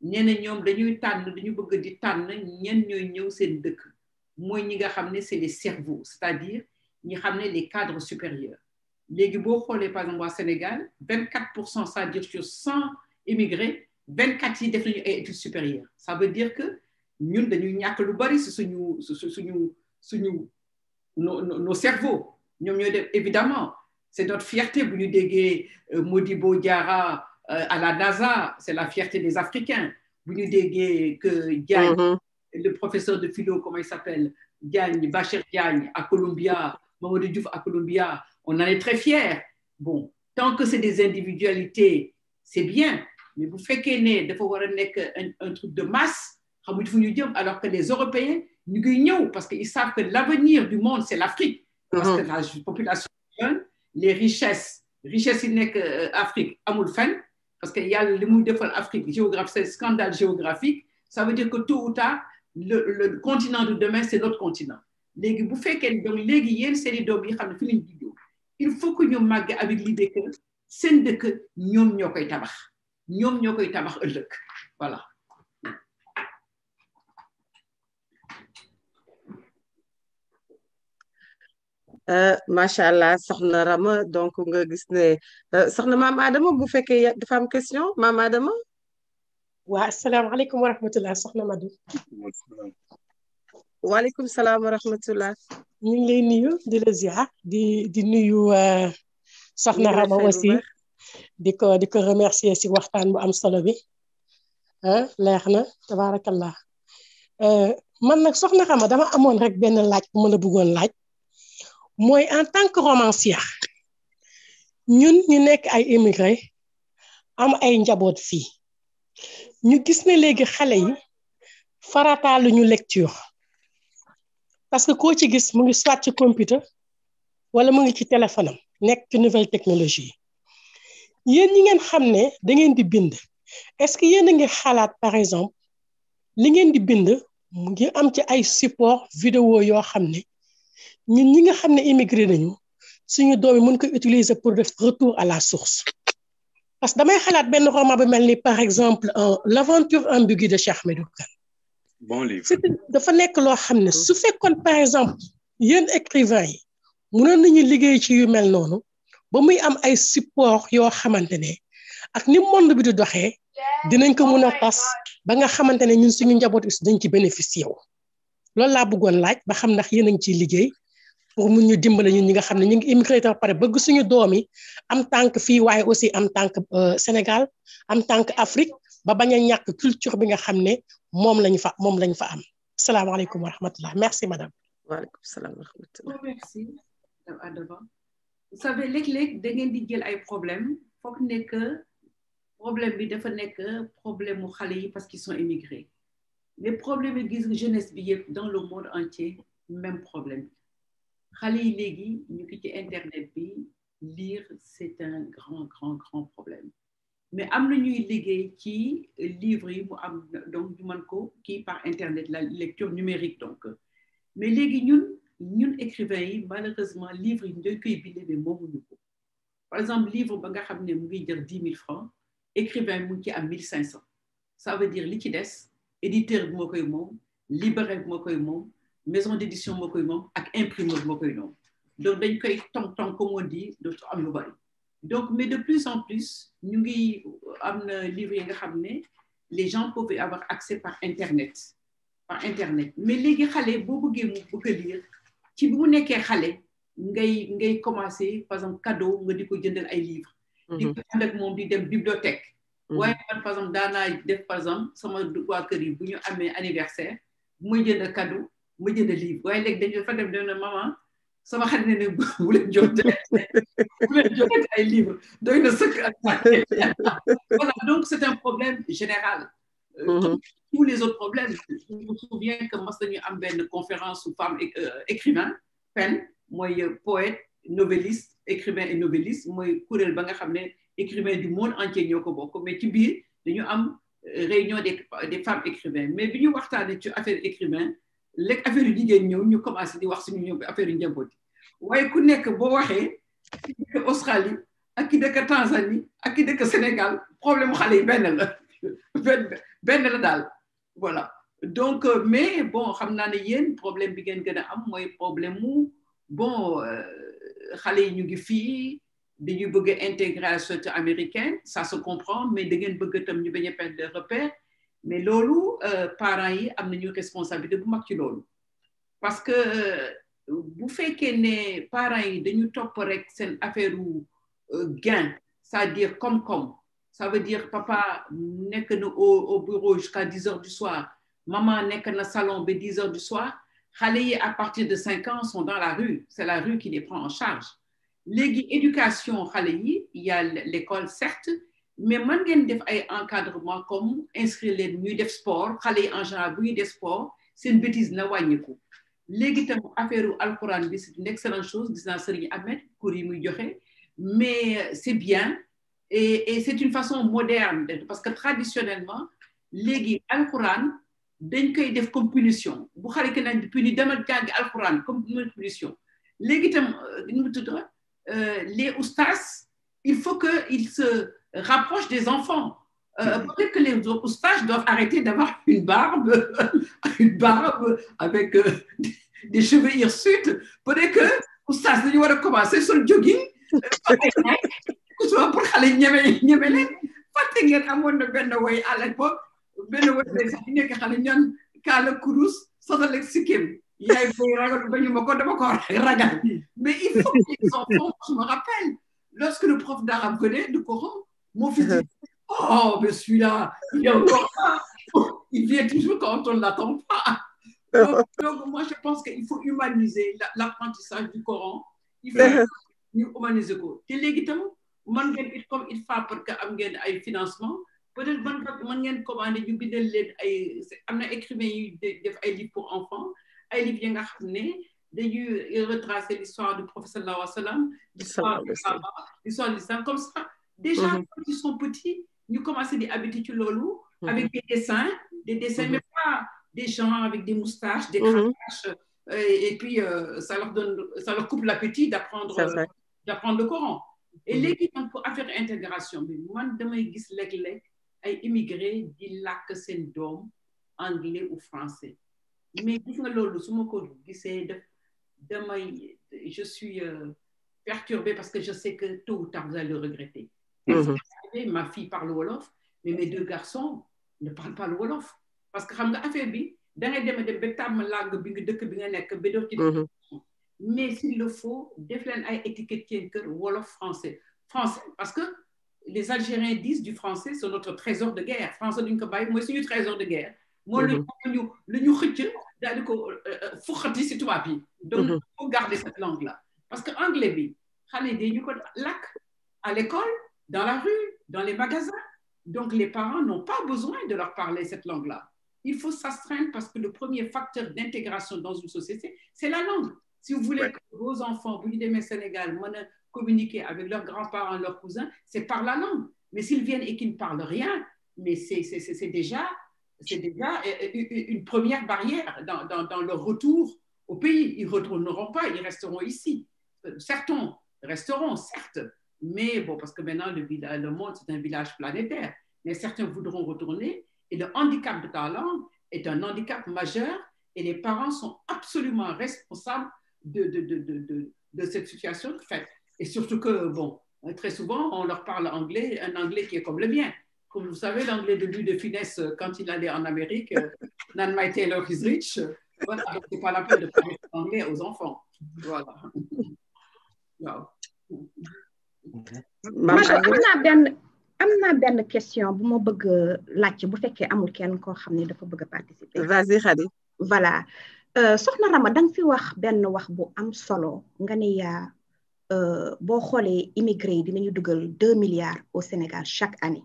ñeneen ñom dañuy tann dañu bëgg di tann ñen ñoy ñëw seen dëkk moy ñi nga xamné c'est les cerveaux c'est-à-dire ñi xamné les cadres supérieurs léegi bo xolé par exemple au Sénégal 24 c'est-à-dire sur 100 immigrés 24 yi def nañu études supérieures ça veut dire que ñun dañuy ñak lu bari si suñu suñu suñu nos cerveaux ñom ñoy def évidemment c'est notre fierté, Vous dégagez euh, Modibo Diara euh, à la NASA, c'est la fierté des Africains. Vous nous déguez que mhm. le professeur de philo, comment il s'appelle Gagne, Bachir Gagne à Columbia, Mamadou Diouf à Columbia, on en est très fiers. Bon, tant que c'est des individualités, c'est bien, mais vous faites qu'il de pouvoir un, un truc de masse, alors que les Européens, nous gagnons parce qu'ils savent que l'avenir du monde, c'est l'Afrique, parce mhm. que la population les richesses richesses yi n'est euh, Afrique Amoul fenn parce que y a le defal Afrique géographie c'est scandale géographique ça veut dire que tôt ou tard le le continent de demain c'est notre continent Les bouffées fekkee donc les guillemets, c'est les doom yi xam ne il faut que ñu màgg avec l'idée que seen dëkk ñoom ñoo koy tabax ñoom ñoo koy tabax ëllëg voilà macha allah soxna Rama donc nga gis ne soxna maam Adama bu fekkee dafa am question maam Adama. waa asalaamaaleykum wa rahmatulah soxna Madou. waaleykum salaam wa rahmatulah. ñu ngi lay nuyu di la ziar di di nuyu soxna Rama aussi di ko di ko remercier si waxtaan bu am solo bi ah leex na tabaarakallah man nag soxna Rama dama amoon rek benn laaj bu ma la bëggoon laaj. Moi, en tant que romancière ñun ñu nek ay immigré am ay njaboot fi ñu gis ne légui xalé yi lu ñu lecture parce que ko ci gis mu ngi soit ci computer wala mu ngi ci téléphone nek ci nouvelle technologie yeen ñi ngeen xam da ngeen di bind est-ce que yeen nga xalat par exemple li ngeen di bind mu ngi am ci ay support vidéo yo xam ñun ñi nga xam ne immigré nañu suñu doom yi mën ko utiliser pour def retour à la source parce que damay xalaat benn roman bu mel ni par exemple euh, l'aventure ambiguë de Cheikh Ahmadou Kane bon livre c'est dafa nekk loo xam ne su fekkoon par exemple yéen écrivain yi mënoon nañu liggéey ci yu mel noonu ba muy am ay support yoo xamante ne ak ni monde bi di doxee dinañ ko mën a tas ba nga xamante ne ñun suñu njaboot dañ ci bénéficier wu loolu laa bëggoon laaj ba xam ndax yéen a ngi ciy liggéey pour mun ñu dimbale ñun ñi nga xam ne ñu ngi immigré te pare bëgg suñu doom yi am tànk fii waaye aussi am tànk euh, Sénégal am tànk Afrique ba bañ a ñàkk culture bi nga xam ne moom lañ fa moom lañ fa am salaamaaleykum wa rahmatullah merci madame. waaleykum salaam wa rahmatullah. merci madame vous savez léeg-léeg da ngeen di jël ay problèmes foog nekk problème bi dafa nekk problème mu xale yi parce qu'ils sont immigrés mais problème yi gis jeunesse bi yëpp dans le monde entier même problème xale yi ñu internet lire c'est un grand grand grand problème mais am ñuy livre par internet la lecture numérique donc mais nous ñun ñun écrivain malheureusement livre yi par exemple livre ba nga mu ngi francs écrivain mu ci am ça veut dire éditeur libraire maison d'édition mokoy mom ak imprimeur mokoy koy donc dañ koy tong tong comme on dit dootu am lu bari donc mais de plus en plus ñu ngi euh, amna livre yi nga xamné les gens peuvent avoir accès par internet par internet mais légui xalé bo bëggé mu bëgg a lire ci bi mu nekkee xale ngay ngay commencer par exemple cadeau nga diko ko jëndal ay livres mhm. di ko ànd ak mom di dem bibliothèque mhm. waye par exemple daanaa def par exemple sama waa kër yi bu ñu amé anniversaire bu may jënd cadeau mujj na lii waaye léegi dañu dafa dem dem na maman sama xarit ne ne bu leen jox (laughs) bu leen jox ay livre doy na sëkk ak (laughs) voilà donc c'est un problème général euh, mhm. tous les autres problèmes je me souviens que mas nañu am benn conférence su femme euh, écrivain pen mooy euh, poète novelliste écrivain et novelliste mooy kuréel ba nga xam ne écrivain du monde entier ñoo ko bokk mais ci biir dañu am réunion des des femmes écrivains mais bi ñu waxtaanee ci affaire écrivain léegi affaire yu jigéen ñu commencé di wax suñu ñëw affaire ku nekk Australie Tanzanie ak Sénégal problème yi la voilà donc euh, mais bon problème bi gën a problème bon euh, xale yi ñu ngi fii bëgg à la américaine ça se comprend mais da bëgg tam ñu mais euh, parents yi une responsabilité bu mag ci lolu parce que euh, bu que ne parents yi dañu top rek affaire euh, gain c'est-à-dire comme comme. ça veut dire papa n'est na au bureau jusqu'à 10h du soir maman n'est na salon mais 10h du soir xalé yi à partir de 5 ans sont dans la rue c'est la rue qui les prend en charge L'éducation éducation il y a l'école certes mais man ngeen def ay encadrement comme inscrire leen ñuy def sport xale yi en général bu ñuy def sport seen bêtise na wàññiku léegi tam affaire u alxuraan bi c'est une excellente chose gis naa Serigne Ahmed cours yi muy joxe mais c'est bien et et c'est une façon moderne parce que traditionnellement léegi alxuraan dañ koy def comme punition bu xale ki nag puni demal jàng alxuraan comme punition léegi tam euh, nu mu tudd euh, les oustas il faut que il se rapproche des enfants. Euh, peut-être que les oustaches doivent arrêter d'avoir une barbe, (laughs) une barbe avec euh, des cheveux hirsutes. Peut-être que les dañu doivent a commencer sur jogging. ku euh, soo (laughs) pour aller ñeme ñeme leen fàtte ngeen amoon na benn way à l'époque benn way day sax nekk xale ñaan kaala kurus sotal ak sikkim. yaay booy ragal ba ñu mais il faut que les enfants je me rappelle lorsque le prof d'arabe venait de Coran mon fils dit Oh, mais celui-là, il est encore là. (laughs) Il vient toujours quand on ne l'attend pas. Donc, moi, je pense qu'il faut humaniser l'apprentissage du Coran. Il faut (laughs) humaniser quoi? Coran. léegi comme il faut parce que am un ay financement peut-être man man ngeen commandé ñu bindal leen ay am na des livres pour enfants ay livres bien nga il ne retracer l'histoire du professeur sallallahu alayhi l'histoire du l'histoire de comme ça Déjà, mhm. quand ils sont petits, nous commençons des habitudes lolo, mhm. avec des dessins, des dessins, mhm. mais pas des gens avec des moustaches, des cravaches. Euh, et, puis, euh, ça, leur donne, ça leur coupe l'appétit d'apprendre euh, d'apprendre le Coran. Et l'équipe gens pour faire intégration moi, moi, damay je suis immigré di anglais ou français mais je suis perturbée parce que je sais que tôt ou tard vous allez le regretter Mmh. ma fille parle wolof mais mes deux garçons ne parlent pas le wolof parce que xam nga affaire bi da ngay dem a dem langue mmh. mais s'il le faut def leen ay étiquette qui est wolof français français parce que les Algériens disent du français c'est notre trésor de guerre français d'une cabaye moi c'est trésor de guerre. moi mmh. le ñu lu ñu xëcc euh, euh, donc il faut garder cette langue là parce que anglais bi xale yi dañu ko à l'école dans la rue, dans les magasins. Donc, les parents n'ont pas besoin de leur parler cette langue-là. Il faut s'astreindre parce que le premier facteur d'intégration dans une société, c'est la langue. Si vous voulez que vos enfants, vous dites, mais Sénégal, communiquer avec leurs grands-parents, leurs cousins, c'est par la langue. Mais s'ils viennent et qu'ils ne parlent rien, mais c'est déjà, déjà euh, euh, une première barrière dans, dans, leur retour au pays. Ils ne retourneront pas, ils resteront ici. Euh, certains resteront, certes, mais bon, parce que maintenant, le, monde, c'est un village planétaire. Mais certains voudront retourner. Et le handicap de ta langue est un handicap majeur et les parents sont absolument responsables de, de, de, de cette situation fait. Et surtout que, bon, euh, très souvent, on leur parle anglais, un anglais qui est comme le mien. Comme vous savez, l'anglais de lui de finesse, euh, quand il allait en Amérique, euh, Nan My Taylor is rich. c'est pas la peine de parler anglais aux enfants. Voilà. (laughs) man am naa benn am naa benn question bu ma bëgg laaj bu fekkee amul kenn koo xam ne dafa bëgg a participer. vas-y Khady. voilà euh, soxna Rama fi wax benn wax bu am solo nga ne yaa euh, boo xoolee immigré yi dinañu dugal deux milliards au Sénégal chaque année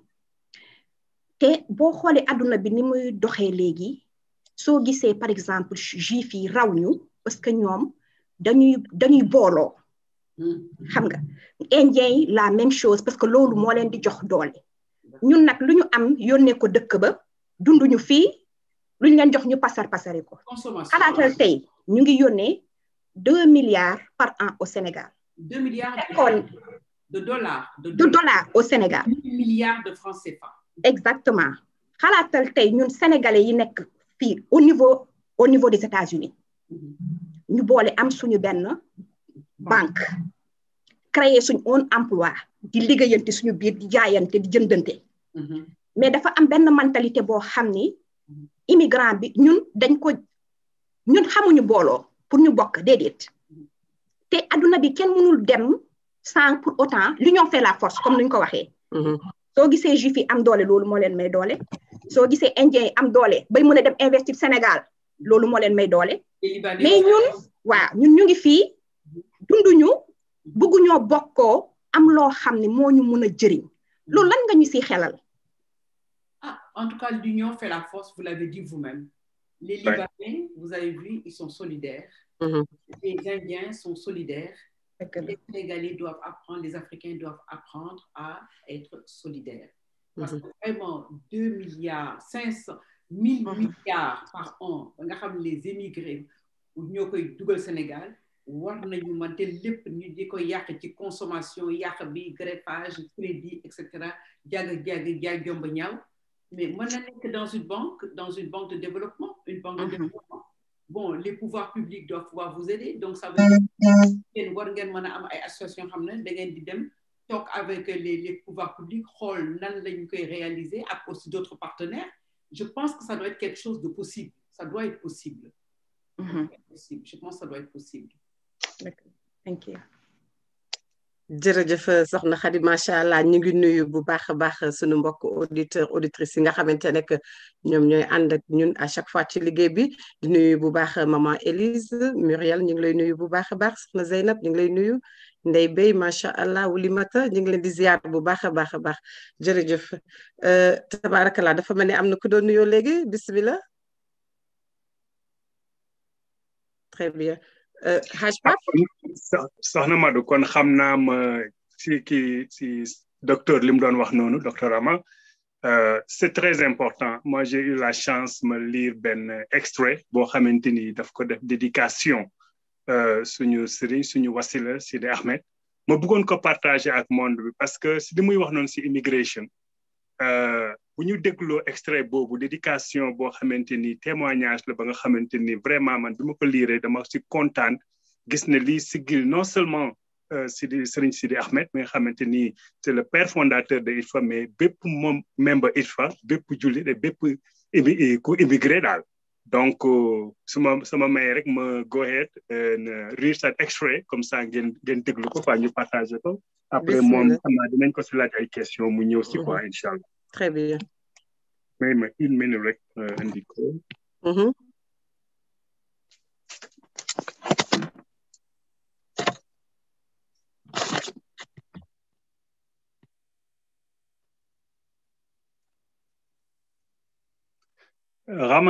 te boo xoolee adduna bi ni muy doxee léegi soo gisee par exemple juif yi raw ñu parce que ñoom dañuy dañuy booloo. xam la même chose parce que loolu moo leen di jox doole ñun nag lu am yónnee ko dëkk ba dunduñu deux milliards par an au Sénégal milliards de dollars de dollars au Sénégal milliards de francs CFA exactement xalaatal tey ñun sénégalais yi au niveau au niveau des États-Unis mm-hmm. ñu boole am banque créer suñ own emploi di liggéeyante suñu biir di jaayante di jëndante mm-hmm. mais dafa am benn mentalité boo xam ni mm-hmm. immigrant bi ñun dañ ko ñun xamuñu booloo pour ñu bokk déedéet mm-hmm. te adduna bi kenn mënul dem sans pour autant l'union fait la force comme nuñ ko waxee soo gisee juif yi am doole loolu moo leen may doole so gisee indien yi am doole bay mën a dem investir Sénégal loolu moo leen may doole mais ñun waaw ñun ñu ngi am ah, en tout cas l'union fait la force vous l'avez dit vous-même. les Libanais vous avez vu ils sont solidaires. Mm-hmm. les Indiens sont solidaires. les Sénégalais doivent apprendre les Africains doivent apprendre à être solidaires. parce mm-hmm. que vraiment 2 milliards 500, mm-hmm. milliards par an les émigrés Sénégal war nañu mante lépp ñu di ko yàq ci consommation yàq bi greffage crédit et cetera jagg jagg jaay jomb ñaaw mais mën na nekk dans une banque dans une banque de développement une banque de mhm. développement bon les pouvoirs publics doivent pouvoir vous aider donc ça veut dire que war ngeen mën a am ay association xam ne da ngeen di dem toog avec les les pouvoirs publics xool nan lañ koy réaliser ak aussi d' autres partenaires je pense que ça doit être quelque chose de possible ça doit être possible. Mhm. ça doit possible je pense que ça doit être possible thank you jërëjëf soxna Khady macha allah ñu ngi nuyu bu baax a baax suñu mbokk auditeur auditrice yi nga xamante ne ñoom ñooy ànd ak ñun à chaque fois ci liggéey bi di nuyu bu baax maman Élise Muriel ñu ngi lay nuyu bu baax a baax soxna Zeynab ñu ngi lay nuyu Ndey Bey macha allah wulimata ñu ngi leen di ziar bu baax a baax a baax jërëjëf euh, tabaarakala dafa mel ni am na ku doon nuyoo léegi bisimilah. très bien. Uh, Hajbaf ah, soxna Madou kon xam naa ma ci ki ci docteur li mu doon wax noonu docteur Ama uh, c'est très important moi j'ai eu la chance ma lire benn extrait boo xamante ni daf ko def dédication uh, suñu sëriñ suñu wasila Sidi Ahmed ma bëggoon ko partager ak monde bi parce que si li muy wax noonu si immigration buñu ñu extrait bobu dédication bo xamanteni témoignage la ba nga xamanteni vraiment man duma ko lire dama ci kontaan gis na li sigil non seulement euh, Sidi Serigne Sidi Ahmed mais nga c'est le père fondateur de IFA mais bépp mom membre IFA bépp julli et bépp ko immigré dal donc euh, su ma sama may rek ma go ahead euh, na read that extrait comme ça ngeen ngeen déglu ko quoi ñu partager ko après moom xam dinañ ko si laaj ay question mu ñew ci quoi inshallah Très bien. Même une Mm -hmm.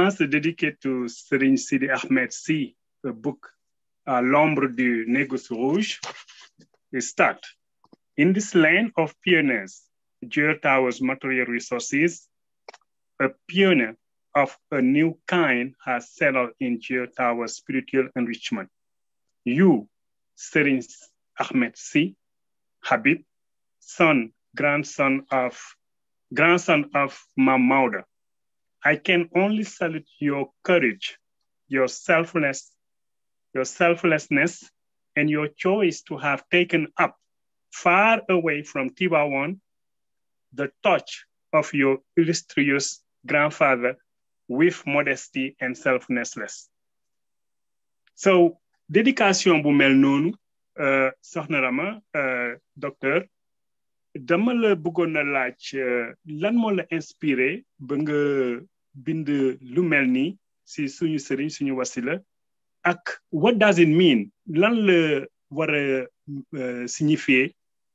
is dedicated to Serin Sidi Ahmed C, the book *A L'ombre du Négus Rouge. It start in this land of pioneers, Tower's material resources, a pioneer of a new kind has settled in Tower's spiritual enrichment. You, Serin Ahmed Si, Habib, son, grandson of, grandson of Mamouda, I can only salute your courage, your selfless, your selflessness, and your choice to have taken up far away from One the touch of your illustrious grandfather with modesty and selflessness. So dédication bu mel noonu euh, soxna Rama euh, docteur dama la bëggoon na laaj euh, lan moo la inspiré ba nga bind lu mel nii si suñu sëriñ suñu wasila ak what does it mean lan le wara a signifier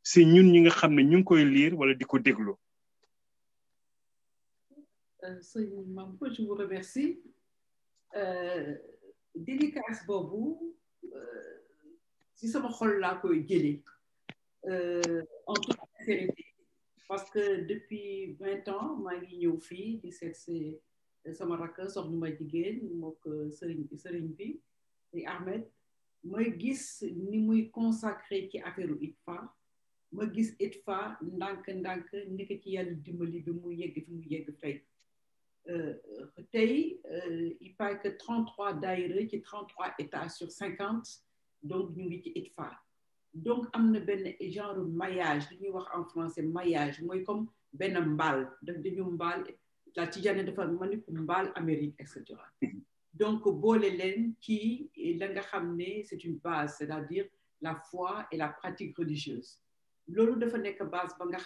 si ñun ñi nga xam ne ñu ngi koy lire wala di ko déglu. Euh, sëñ Mampo je vous remercie euh, dédicace boobu si euh, sama xol laa koy jëlee en toute sincérité parce que depuis vingt ans maa ngi ñëw fii di seet si sama rakk soxna ma jigéen mook sëriñ sëriñ bi di Ahmed may gis ni muy consacré ci affaire u ITFA ma gis ITFA ndànk ndànk ndikati yàlla dimbali bi mu yegg fi mu yegg tay euh, euh il paraît que 33 daayira ci 33 états sur 50 donc ñu ngi ci ITFA donc amna ben genre maillage li ñuy wax en français maillage moy comme benn mbal daf dañu la Tijane dafa maniku mbal Amérique et cetera donc bolé len ci la nga xamné c'est une base c'est-à-dire la foi et la pratique religieuse loolu dafa nekk base ba nga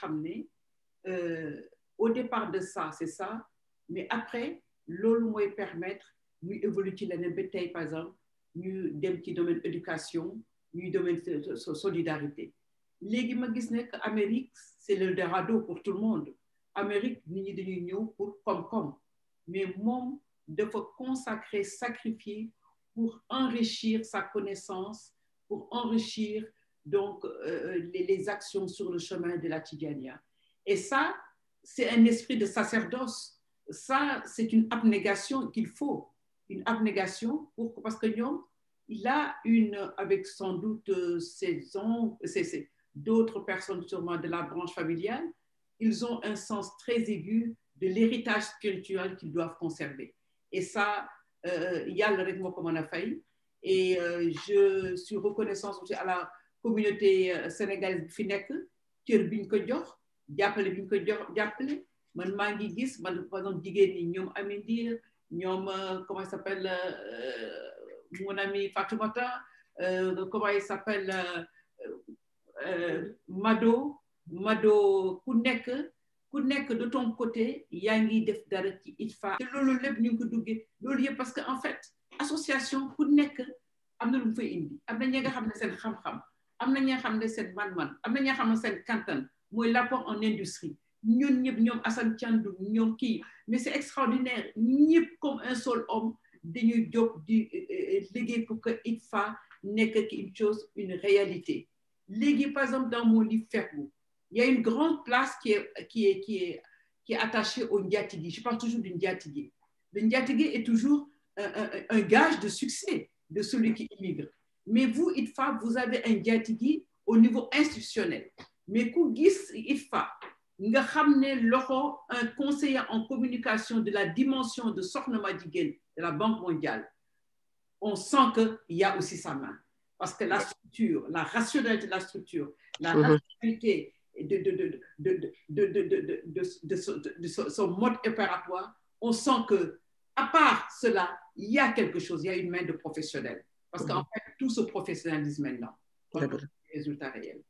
euh, au départ de ça c'est ça mais après loolu mooy permettre ñuy évoluer ci leneen ba tey par exemple ñu dem ci domaine éducation domaine solidarité léegi ma gis ne Amérique c'est pour tout le monde Amérique nit ñi dañuy pour comme comme. mais moom dafa consacrer sacrifier pour enrichir sa connaissance pour enrichir donc euh, euh, les, actions sur le chemin de la Tigania. Et ça, c'est un esprit de sacerdoce. Ça, c'est une abnégation qu'il faut. Une abnégation parce que Nyon, il a une, avec sans doute euh, ses oncles, d'autres personnes sûrement de la branche familiale, ils ont un sens très aigu de l'héritage spirituel qu'ils doivent conserver. Et ça, il y a le rythme comme on a failli. Et je suis reconnaissante aussi à la communauté euh, sénégalaise bi fi nekk cër biñ ko jox jàppale biñ ko jox jàppale man maa ngi gis man par exemple jigéen ñi ñoom Amindir ñoom euh, comment il s'appelle euh, mon ami Fatoumata comment il s'appelle Mado Mado ku nekk ku nekk de ton côté yaa ngi def dara ci ITFA te loolu lépp ñu ngi ko duggee loolu yëpp parce que en fait association ku nekk am na lu mu fay indi am na ñi nga xam ne seen xam-xam am na ñi nga xam ne seen man-man am na ñi nga xam ne seen kantan mooy l'apport en industrie ñun ñëpp ñoom Assane Thiandoum ñoom kii mais c'est extraordinaire ñëpp comme un seul homme dañuy jóg di euh, euh, liggéey pour que fa nekk une chose une réalité léegi par exemple dans mon livre Fermou il y a une grande place qui est qui est qui est qui est attachée au Ndiatigi. je parle toujours du Ndiatigi. le Ndiatigi est toujours un, un, un gage de succès de celui qui immigre mais vous, IFA, vous avez un diatigui au niveau institutionnel. Mais quand ifa nga xamné un conseiller en communication de la dimension de Sokhna de la Banque mondiale. On sent qu'il y a aussi sa main. Parce que la structure, la rationalité de la structure, la rationalité de, son mode opératoire, on sent que, à part cela, il y a quelque chose, il y a une main de professionnel. Parce qu'en fait, tout ce professionnalisme maintenant. Résultat réel.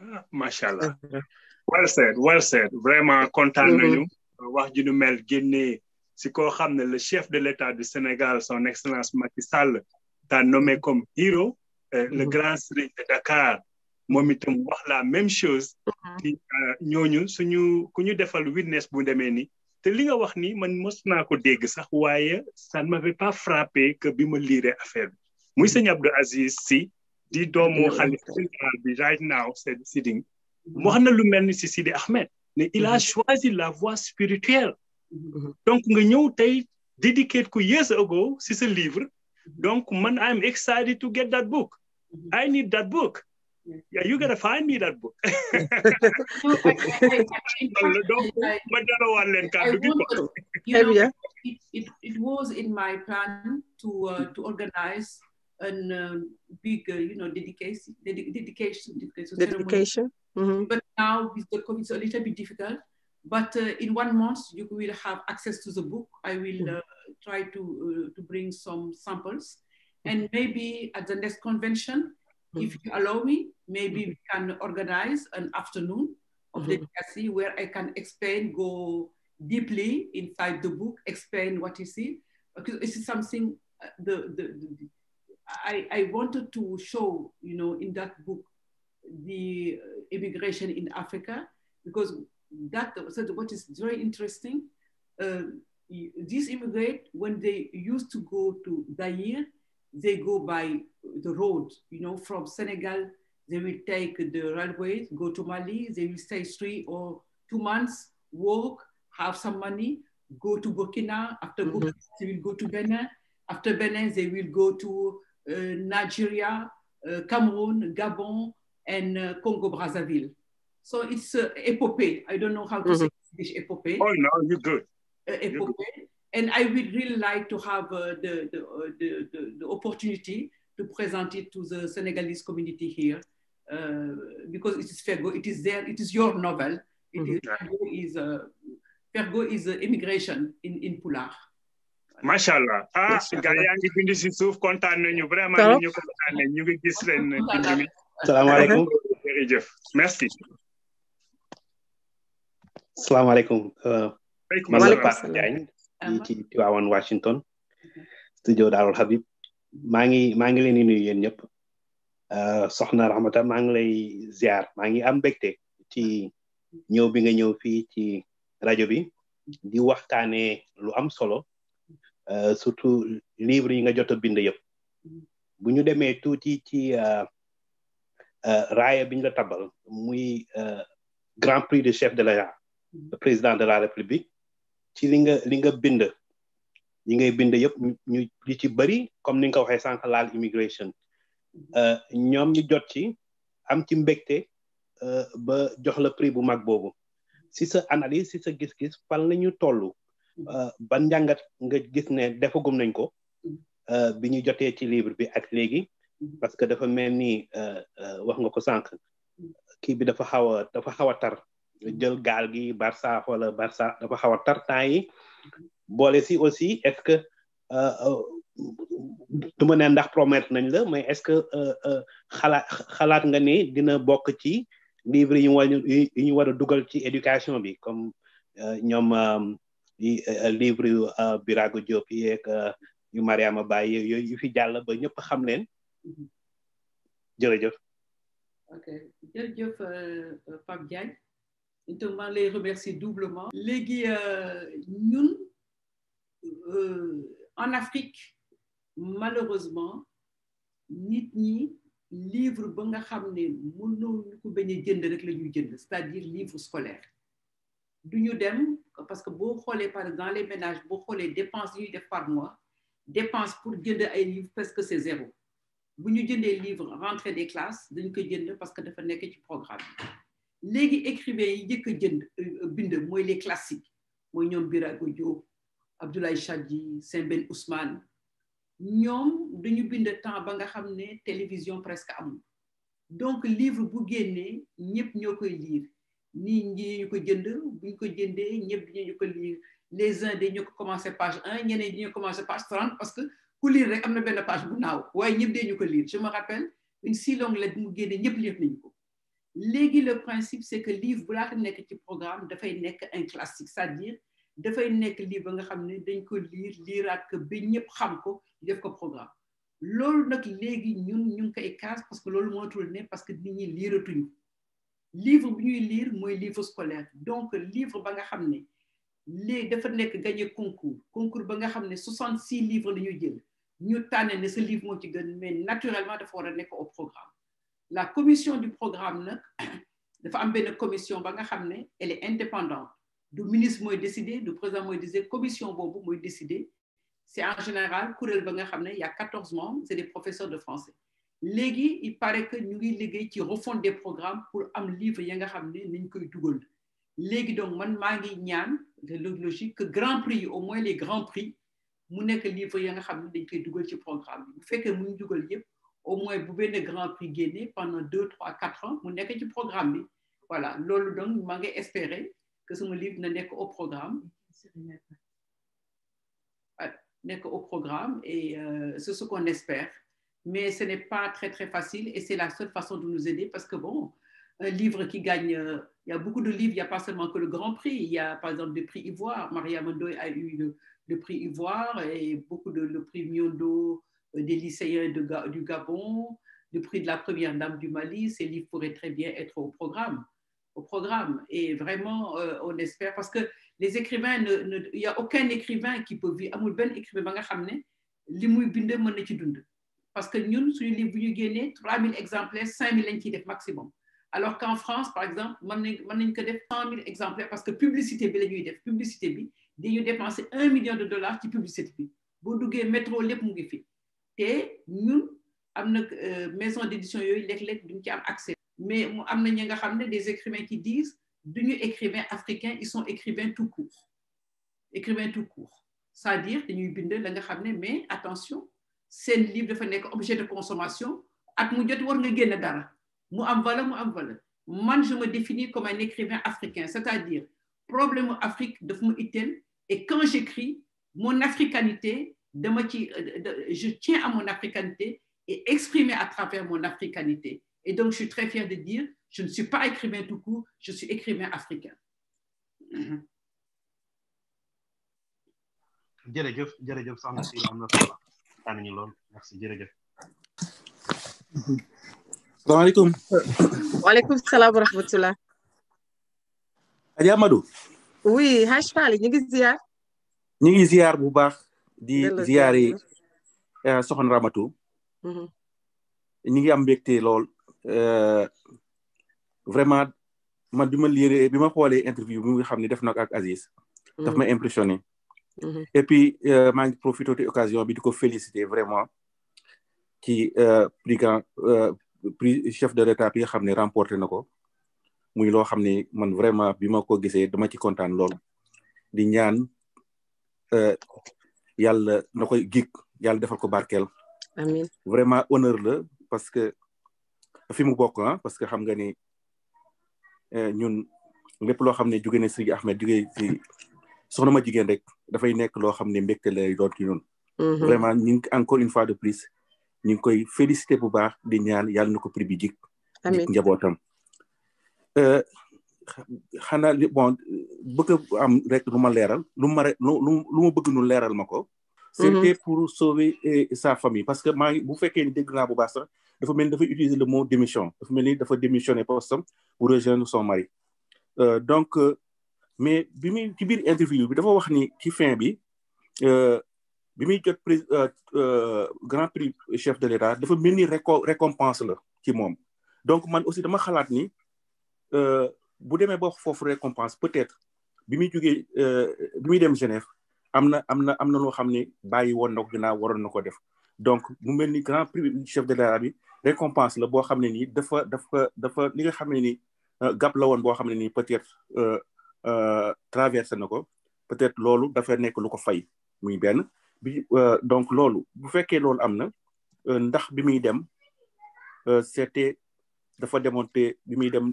Ah, (laughs) Well said, well said. Vraiment content de mm-hmm. Wax ji nu mel Guinée. si ko xam le chef de l'État du Sénégal, son excellence Macky Sall, t'a nommé comme héros. Euh, le mm-hmm. grand serigne de Dakar, moom itam wax la même chose. Mm-hmm. Euh, ñooñu suñu ku ñu defal witness bu démé te li nga wax ni man mos naa ko dégg sax waaye ça ne m'avait pas frappé que bi ma liire affaire bi muy sëñ Abdou Aziz si di doomu xalifa général bi right now c'est Sidi mm-hmm. wax na lu mel ni si Sidi Ahmed ne il a mm-hmm. la voie spirituelle mm-hmm. donc nga ñëw tey dedicate ko years ago si sa livre donc man I am excited to get that book I need that book yeah, you gotta find me that book. you it, it, it was in my plan to uh, to organize a um, big uh, you know dedication ded- dedication dedication, dedication. Mm-hmm. but now with the covid it's a little bit difficult but uh, in one month you will have access to the book i will mm-hmm. uh, try to uh, to bring some samples and maybe at the next convention if mm-hmm. you allow me, maybe we mm-hmm. can organize an afternoon of the DRC mm-hmm. where I can explain, go deeply inside the book, explain what is see. Because this is something uh, the, the, the I, I wanted to show, you know, in that book, the uh, immigration in Africa, because that so what is very interesting. Uh, these immigrants, when they used to go to Zaire, they go by the road, you know, from Senegal, they will take the railways, go to Mali, they will stay three or two months, work, have some money, go to Burkina, after mm-hmm. Burkina, they will go to Benin, after Benin, they will go to uh, Nigeria, uh, Cameroon, Gabon, and uh, Congo Brazzaville. So it's uh, epopee. I don't know how to mm-hmm. say English epopee. Oh, no, you're good. Uh, epopee. You're good. And I would really like to have uh, the, uh, the, the, the, opportunity to present it to the Senegalese community here uh, because it is Fergo, it is there, it is your novel. It mm -hmm. is, Fergo is immigration in, in Pular. Mashallah. ah gaa yaa ngi bind si suuf kontaan nañu vraiment ñu ngi kontaanee ñu ngi gis Salam bind mi. salaamaaleykum jërëjëf merci. salaamaaleykum. maaleykum euh, salaam Pape yi ci Tiwaawan Washington studio Daarul Habib maa ngi maa ngi leen di nuyu yéen ñëpp euh, soxna Rahmata maa ngi lay ziar maa ngi am mbégte ci ñëw bi nga ñëw fii ci rajo bi di waxtaanee lu am solo euh, surtout livre yi nga jot a bind yëpp bu ñu demee tuuti ci euh, raaya bi ñu la tabal muy grand prix de chef de la président de la république ci li nga li nga bind yi ngay bind yëpp ñu li ci bëri comme ni nga ko waxee sànq laal immigration euh, ñoom ñu jot ci am ci mbégte euh, ba jox la prix bu mag boobu si sa analyse si sa gis-gis fan la ñu toll euh, ban njàngat nga gis ne defagum nañ ko bi ñu jotee ci libre bi ak léegi parce que dafa mel ni wax nga ko sànq kii bi dafa xaw a dafa xaw a tar jël gaal gi Barça wala Barça dafa xaw a tar temps yi boole si aussi est ce que euh, euh, du ma ne ndax promettre nañ la mais est ce que euh, xalaat nga ne dina bokk ci livre yi ñu war a dugal ci éducation bi comme ñoom livre yu Birago Diop yeeg yu Mariama Baye yooyu yu fi jàll ba ñëpp xam leen mm-hmm. jërëjëf. ok jërëjëf Pape Diagne. te ma les remercier doublement Nous, ñun euh, euh, en Afrique malheureusement nous ñi livre ba nga nous ne ko bañ c'est-à-dire livre scolaire du dem parce que si xoolee par dans les ménages beaucoup xoolee dépenses ñuy par mois dépenses pour jënd ay livres parce que c'est zéro nous avons des livres, rentrée des classes dañ avons jënd parce que dafa nekk ci programme léegi écrivain yi njëkk euh, jënd bind moy les classiques mooy ñoom Birago Diop Abdoulaye Saint Ben Ousmane ñom dañu bind temps ba nga xamné télévision presque amul donc livre bu génnee ñëpp ñokoy lire ni ñi ñu ko jënd bu ko jëndé ñëpp ñu ko lire les uns dañu ko commencé page un ñeneen dañu commencé page trente parce que ku lire rek amna benn page bu naaw waaye ñëpp dañu ko lire je me rappelle une si longue lettre mu génnee ñëpp lire nañu ko Légui, le principe c'est que livre bu laata nekk ci programme dafay nekk un classique c'est-à-dire dafay nekk livre ba nga xam ne dañ ko lire liiraat ko ba ñëpp xam ko def ko programme loolu nag léegi ñun ñu ngi koy case parce que loolu mënatul ne parce que nit ñi liiratuñu livre bu ñuy lire mooy livre scolaire donc livre ba nga xam ne léegi dafa nekk gagné concours concours ba nga xam ne 66 livres la ñu jël ñu tànne ne ce livre moo ci gën mais naturellement dafa war a nekk au programme la commission du programme la (coughs) commission ba nga elle est indépendante du ministre moy décider du président moy décider commission bobu moy décider c'est en général ba nga il y a 14 membres c'est des professeurs de français il paraît que nous, ngi ci refont des programmes pour am livre ya nga xamné niñ koy duggal légui donc man ma ngi ñaan de logique que grand prix au moins les grands prix mu nekk livre ya nga xamné dañ koy duggal ci programme bu fekkee mu ñu au moins vous avez le grand prix gagné pendant 2, 3, 4 ans n'avez que du programme voilà donc maa espérer que ce livre n'est qu'au au programme n'est qu'au programme et euh, c'est ce qu'on espère mais ce n'est pas très très facile et c'est la seule façon de nous aider parce que bon un livre qui gagne euh, il y a beaucoup de livres il n'y a pas seulement que le Grand Prix il y a par exemple le prix Ivoire Maria Mondo a eu le, prix Ivoire et beaucoup de le prix Miondo euh, des lycéens de, du Gabon, du prix de la première dame du Mali, ces livres pourraient très bien être au programme. Au programme. Et vraiment, euh, on espère, parce que les écrivains, il n'y a aucun écrivain qui peut vivre. Amoul ben écrivain nga xamné li muy bind qui ci dund. Parce que ñun suñu livre ñu génné 3000 exemplaires, 5000 lañ ci maximum. Alors qu'en France, par exemple, nous avons ko 100 000 exemplaires parce que publicité la publicité bi, avons dépenser 1 million de dollars ci publicité bi. Boo duggee métro lépp mu ngi et nous à une maison d'édition yoy a duñ ci am accès mais mu avons des écrivains qui disent duñu écrivain africains ils sont écrivains tout court écrivain tout court c'est-à-dire dañuy bind la nga mais attention un livre dafa un objet de consommation at mu jot war nga dara mu am mu je me définis comme un écrivain africain c'est-à-dire problème africain Afrique daf mu et quand j'écris mon africanité je tiens à mon africanité et exprimer à travers mon africanité et donc je suis très fière de dire je ne suis pas écrivain tout court je suis écrivain africain. Mhm. di ziyaare eh, soxna Ramatu mm-hmm. ñu ngi am mbégte lool eh, vraiment man bi ma liiree bi ma xoolee interview bi nga xam ne def na ak Aziz mm-hmm. daf ma impressionné mm-hmm. et puis eh, maa ngi profité de occasion bi di ko féliciter vraiment ci prix grand prix chef de l'État bi nga xam ne remporté na ko muy loo xam ne man vraiment bi ma ko gisee dama ci kontaan lool di ñaan yàlla na koy gig yàlla defal ko barkeel. vraiment honneur la parce que fi mu bokk ah parce que xam nga ni eh, ñun lépp loo xam ne jugee na si Ahmed jugee si soxna ma jigéen rek dafay nekk loo xam ne mbégte lay doon mm-hmm. vraiment ñu ngi encore une fois de plus ñu ngi koy félicité bu baax di ñaan yàlla na ko prix bi jig. amiin njabootam. Euh, xanaa li bon bëgg am rek lu ma leeral lu ma rek lu lu ma bëgg nu leeral ma ko. c'était mhm. pour sauver eh, sa famille parce que maa ngi bu fekkee ni dégg naa bu baax sax dafa mel dafa utiliser le mot démission dafa mel ni dafa démissionné postam pour rejoindre son mari. Euh, donc euh, mais bi muy ci biir interview bi dafa wax ni ci fin bi euh, bi muy jot prix grand prix chef de l'État dafa mel ni récompense la ci moom donc man aussi dama xalaat ni. bu demee ba foofu récompense peut-être bi muy jógee euh, bi muy dem Genève am na am na am na loo xam ne bàyyi def donc mu mel grand prix chef de l'État récompense le boo xam ne nii dafa dafa dafa li nga xam ne nii euh, la woon peut-être euh, traversé na ko peut-être loolu dafa nekk lu ko fay muy benn donc loolu bu fekkee loolu am na ndax bi muy dem c'était dafa démonté bi muy dem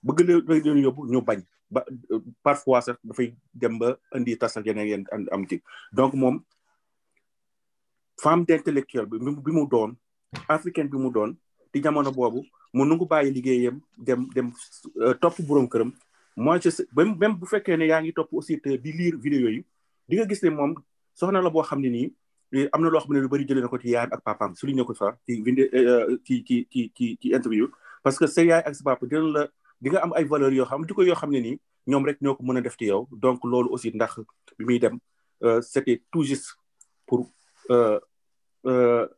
bëgg leen yóbbu ñu bañ ba parfois sax dafay dem ba indi tas ak yeneen yenn am ci donc moom femme d'intellectuel bi bi mu doon africaine bi mu doon ci jamono boobu mu nungu bàyyi liggéeyam dem dem euh, top boroom këram moi je sais même bu fekkee ne yaa ngi topp aussi te di lire vidéo yi di nga gis ne moom soxna la boo xam ne nii eh, am na loo xam ne lu bëri jëlee na ko ti yaayam ak papaam su li ne ko fa euh, euh, ci ci ci ci ci interview parce que sa ak sa papa dina di nga am ay valeur yoo xam jikko yoo xam ne nii ñoom rek ñoo ko mën a def ci yow donc loolu aussi ndax bi muy dem euh, c'était tout juste pour euh, euh,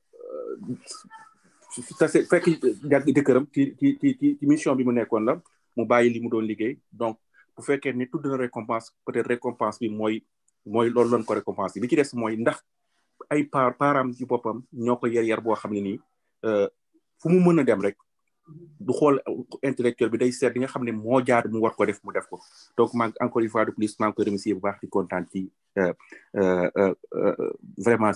ça c'est fekk jàgg jëkkëram ci ci ci ci mission bi mu nekkoon la mu bàyyi li mu doon liggéey donc bu fekkee ni tudd na récompense peut-être récompense bi mooy mooy loolu lañ ko récompense bi ci des mooy ndax ay par param ci boppam ñoo ko yar yar boo xam ne nii fu mu mën a dem rek du rôle intellectuel bi day nga donc encore une fois vraiment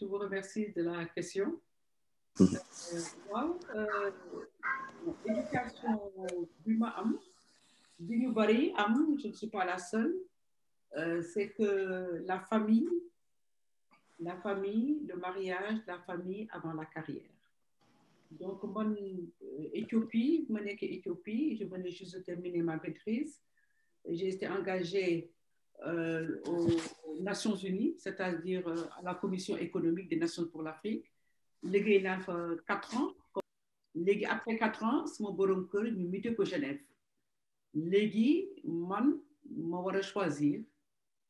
je vous remercie de la question. Mm-hmm. Euh, euh, éducation je ne suis pas la seule. Euh, c'est que la famille, la famille, le mariage, la famille avant la carrière. Donc, mon euh, Éthiopie, mon Éthiopie, je venais juste de terminer ma maîtrise. J'ai été engagée euh, aux Nations Unies, c'est-à-dire à la Commission économique des Nations pour l'Afrique. Légui quatre ans après quatre ans mon suis kër ñu Genève léegi man ma war choisir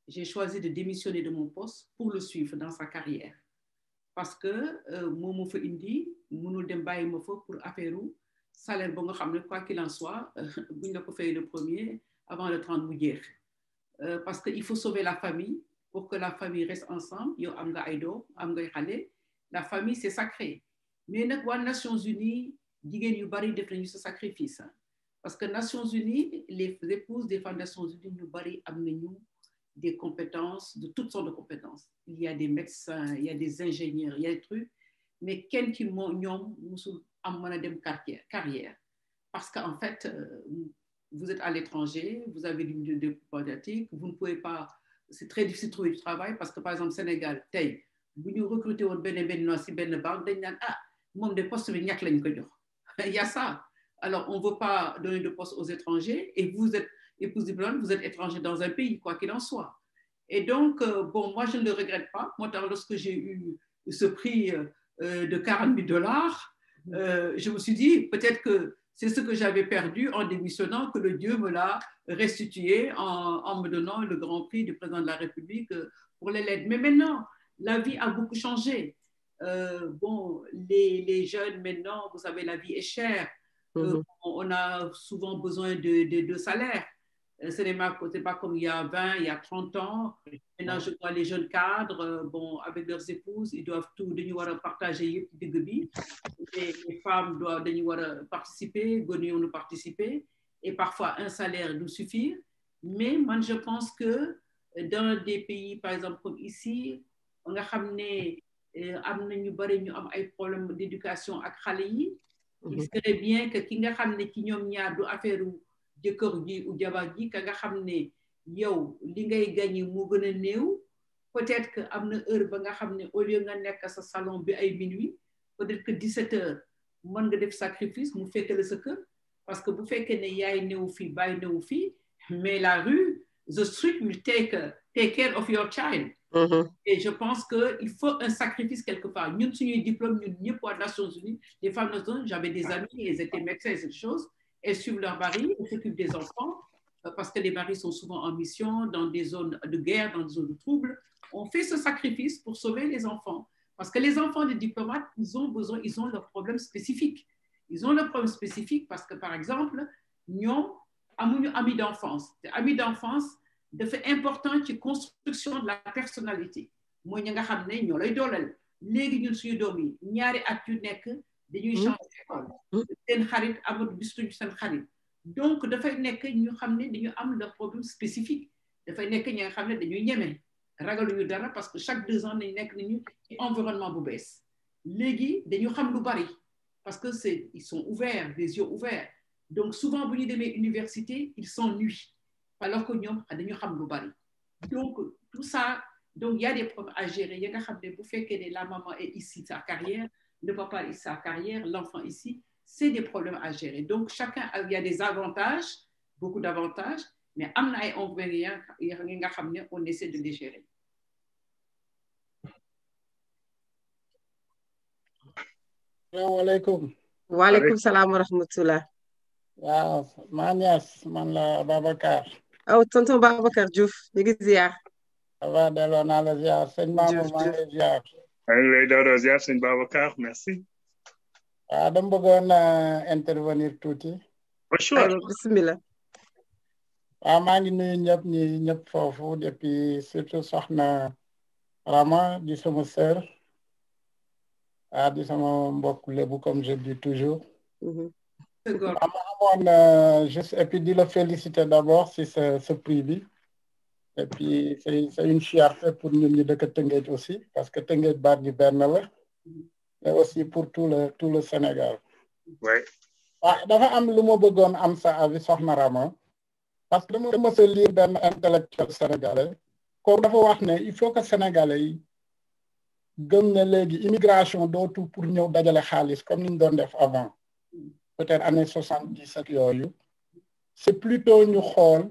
j'ai choisi de démissionner de mon poste pour le suivre dans sa carrière parce que euh, Momo fa indi dem ma pour affaire salaire ba quoi qu'il en soit euh, buñ la ko faire le premier avant le 30 juillet. Euh, parce qu'il faut sauver la famille pour que la famille reste ensemble Yo am nga ay doom la famille c'est sacré mais nag Nations Unies jigéen yu bari ce sacrifice hein. parce que Nations Unies les épouses des femmes Nations Unies nous bari des compétences, de toutes sortes de compétences. Il y a des médecins, il y a des ingénieurs, il y a des trucs, mais quel qui une carrière. Parce qu'en fait, euh, vous êtes à l'étranger, vous avez des de problématiques, vous ne pouvez pas, c'est très difficile de trouver du travail parce que par exemple, Sénégal, Tay, vous nous recrutez au ben ben si ben ah, mon de poste, (laughs) il y a ça. Alors, on ne veut pas donner de poste aux étrangers et vous êtes et possiblement vous êtes étranger dans un pays, quoi qu'il en soit. Et donc, euh, bon, moi, je ne le regrette pas. Moi, lorsque j'ai eu ce prix euh, euh, de 40 000 dollars, mmh. je me suis dit, peut-être que c'est ce que j'avais perdu en démissionnant, que le Dieu me l'a restitué en, me donnant le grand prix du président de la République pour les lettres. Mais maintenant, la vie a beaucoup changé. bon, les, jeunes, maintenant, vous savez, la vie est chère. Mmh. on a souvent besoin de, salaire. Euh, ce n'est pas comme il y a 20, il y a 30 ans. Maintenant, je vois les jeunes cadres, euh, bon, avec leurs épouses, ils doivent tout partager les, les femmes doivent participer, nous participer. Et parfois, un salaire nous suffit. Mais moi, je pense que euh, dans des pays, par exemple, comme ici, on a ramené un d'éducation à xale il mhm. serait bien que ki nga qui ont ci jëkkër ji ou jabar ji ka nga xam ne yow li ngay gagné moo gën a néew peut-être que am na heure ba nga xam ne au lieu nga nekk sa salon bi ay minuit peut-être que 17 heures mën nga def sacrifice mu fekk la sa kër parce que bu fekkee ne yaay néew fii baay néew fii mais la rue the street will take take care of your child Mm -hmm. Et je pense que il faut un sacrifice quelque part. Nous, nous diplôme, nous, ñëpp pour les Nations Unies, les femmes Nations j'avais des amis, elles étaient médecins et ces choses. Elles suivent leurs maris, elles s'occupent des enfants, euh, parce que les maris sont souvent en mission dans des zones de guerre, dans des zones de troubles. On fait ce sacrifice pour sauver les enfants. Parce que les enfants des diplomates, ils ont besoin, ils ont leurs problèmes spécifiques. Ils ont leurs problèmes spécifiques parce que, par exemple, nous avons amis d'enfance. Amis d'enfance, de fait important ci construction de la personnalité dañuy hmm? changer école hmm? seen xarit amul gistuñu seen xarit donc dafay nekk ñu xam ne dañu am le problème spécifique dafay nekk ñi nga xam ne dañuy ñeme ragaluñu dara parce que chaque deux ans nañ nekk nañu ci environnement bu bees léegi dañu xam lu bari parce que c'est ils sont ouverts les yeux ouverts donc souvent bu ñu demee université ils s'ennuient alors que ñoom dañu xam lu bari donc tout ça donc il y a des problèmes à gérer yi nga xam ne bu fekkee ne la maman est ici sa carrière le papa et sa carrière, l'enfant ici, c'est des problèmes à gérer. Donc, chacun, il y a des avantages, beaucoup d'avantages, mais on essaie de les gérer. Assalamu alaikum. Wa alaikum salam wa rahmatullah. waaw maa ñaas man la Babacar. aw tonton Babacar Diouf ñu ngi ziar. ça va delloo naa la ziar sëñ Maamu maa ngi ziar merci. Hein, merci. ah euh, intervenir tout ah, bonjour ah, depuis surtout Rama di sama sœur ah di sama comme je dis toujours. Mhm. Euh, je puis dire féliciter d'abord si ce ce prix et puis c'est une fierté pour nous de dëkk Tëngéej aussi parce que Tëngéej baat gi benn mais aussi pour tout le tout le Sénégal oui D'abord, ah, dafa am dire ma bëggoon am sa parce que nous sommes a lire intellectuel sénégalais Quand dafa wax il faut que sénégalais aient gëm immigrations léegi immigration dootul pour ñëw dajale comme nous l'avons fait avant peut-être année soixante c'est plutôt ñu xool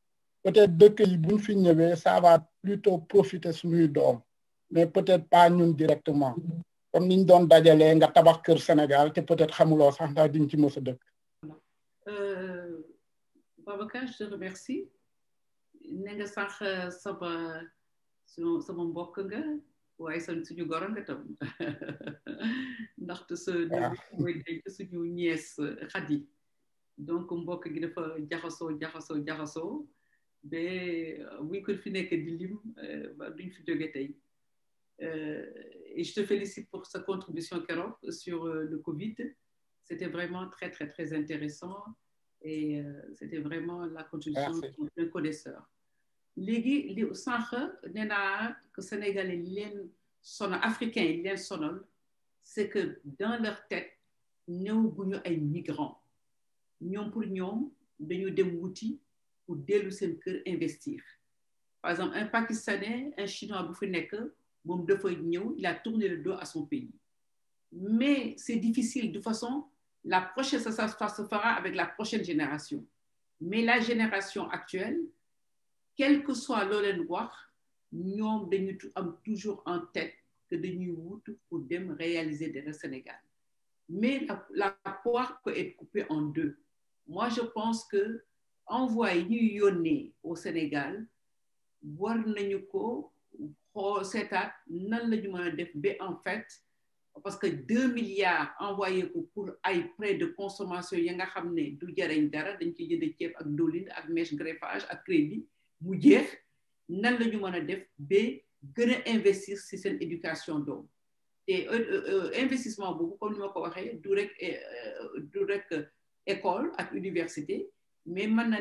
peut-être dëkk yi buñ fi ñëwee ça va plutôt profiter sur nous doom mais peut-être pas nous directement comme niñ doon dajalee nga tabax kër Sénégal te peut-être xamuloo sax ndax diñ ci mës a dëkk euh, Babacar je te remercie ne nga sax euh, sama sama mbokk nga waaye sa suñu goro nga tam (laughs) ndaxte sa ah. mooy denc suñu ñees xadi donc mbokk gi dafa jaxasoo jaxasoo jaxasoo ba euh, oui ko fi nekk di lim duñ fi jóge tey et je te félicite pour sa contribution keroog sur euh, le Covid c'était vraiment très très très intéressant et euh, c'était vraiment la contribution d'un connaisseur léegi li sànq nee naa que sénégalais yi leen sonal africains yi leen sonal c'est que dans leur tête néew guñu ay migrants ñoom pour ñoom dañu dem wuti pour investir par exemple un pakistanais un chinois bouffé fi nekk il a tourné le dos à son pays mais c'est difficile de toute façon la prochaine ça, se fera avec la prochaine génération mais la génération actuelle quel que soit l'olé noir nous avons toujours en tête que de new pour réaliser dara Sénégal mais la, la poire peut être coupée en deux moi je pense que envoyé ñu yónnee au Sénégal war ko aller nan la en fait parce que 2 milliards envoyés pour ay prêts de consommation du dara dañ ci ak ak greffage ak crédit mu nan def éducation euh, euh, euh, investissement comme du école université mais maintenant,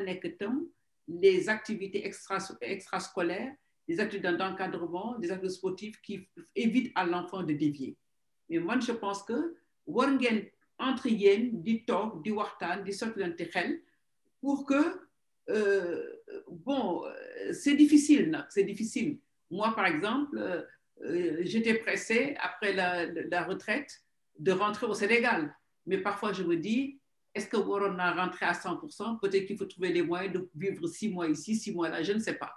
les activités extrascolaires les activités d'encadrement des activités sportives qui évitent à l'enfant de dévier mais moi, je pense que war entre du talk, du wartan, du pour que euh, bon c'est difficile c'est difficile moi par exemple euh, j'étais pressée après la, la retraite de rentrer au Sénégal mais parfois je me dis est-ce que Warren a rentré à 100% Peut-être qu'il faut trouver les moyens de vivre six mois ici, six mois là, je ne sais pas.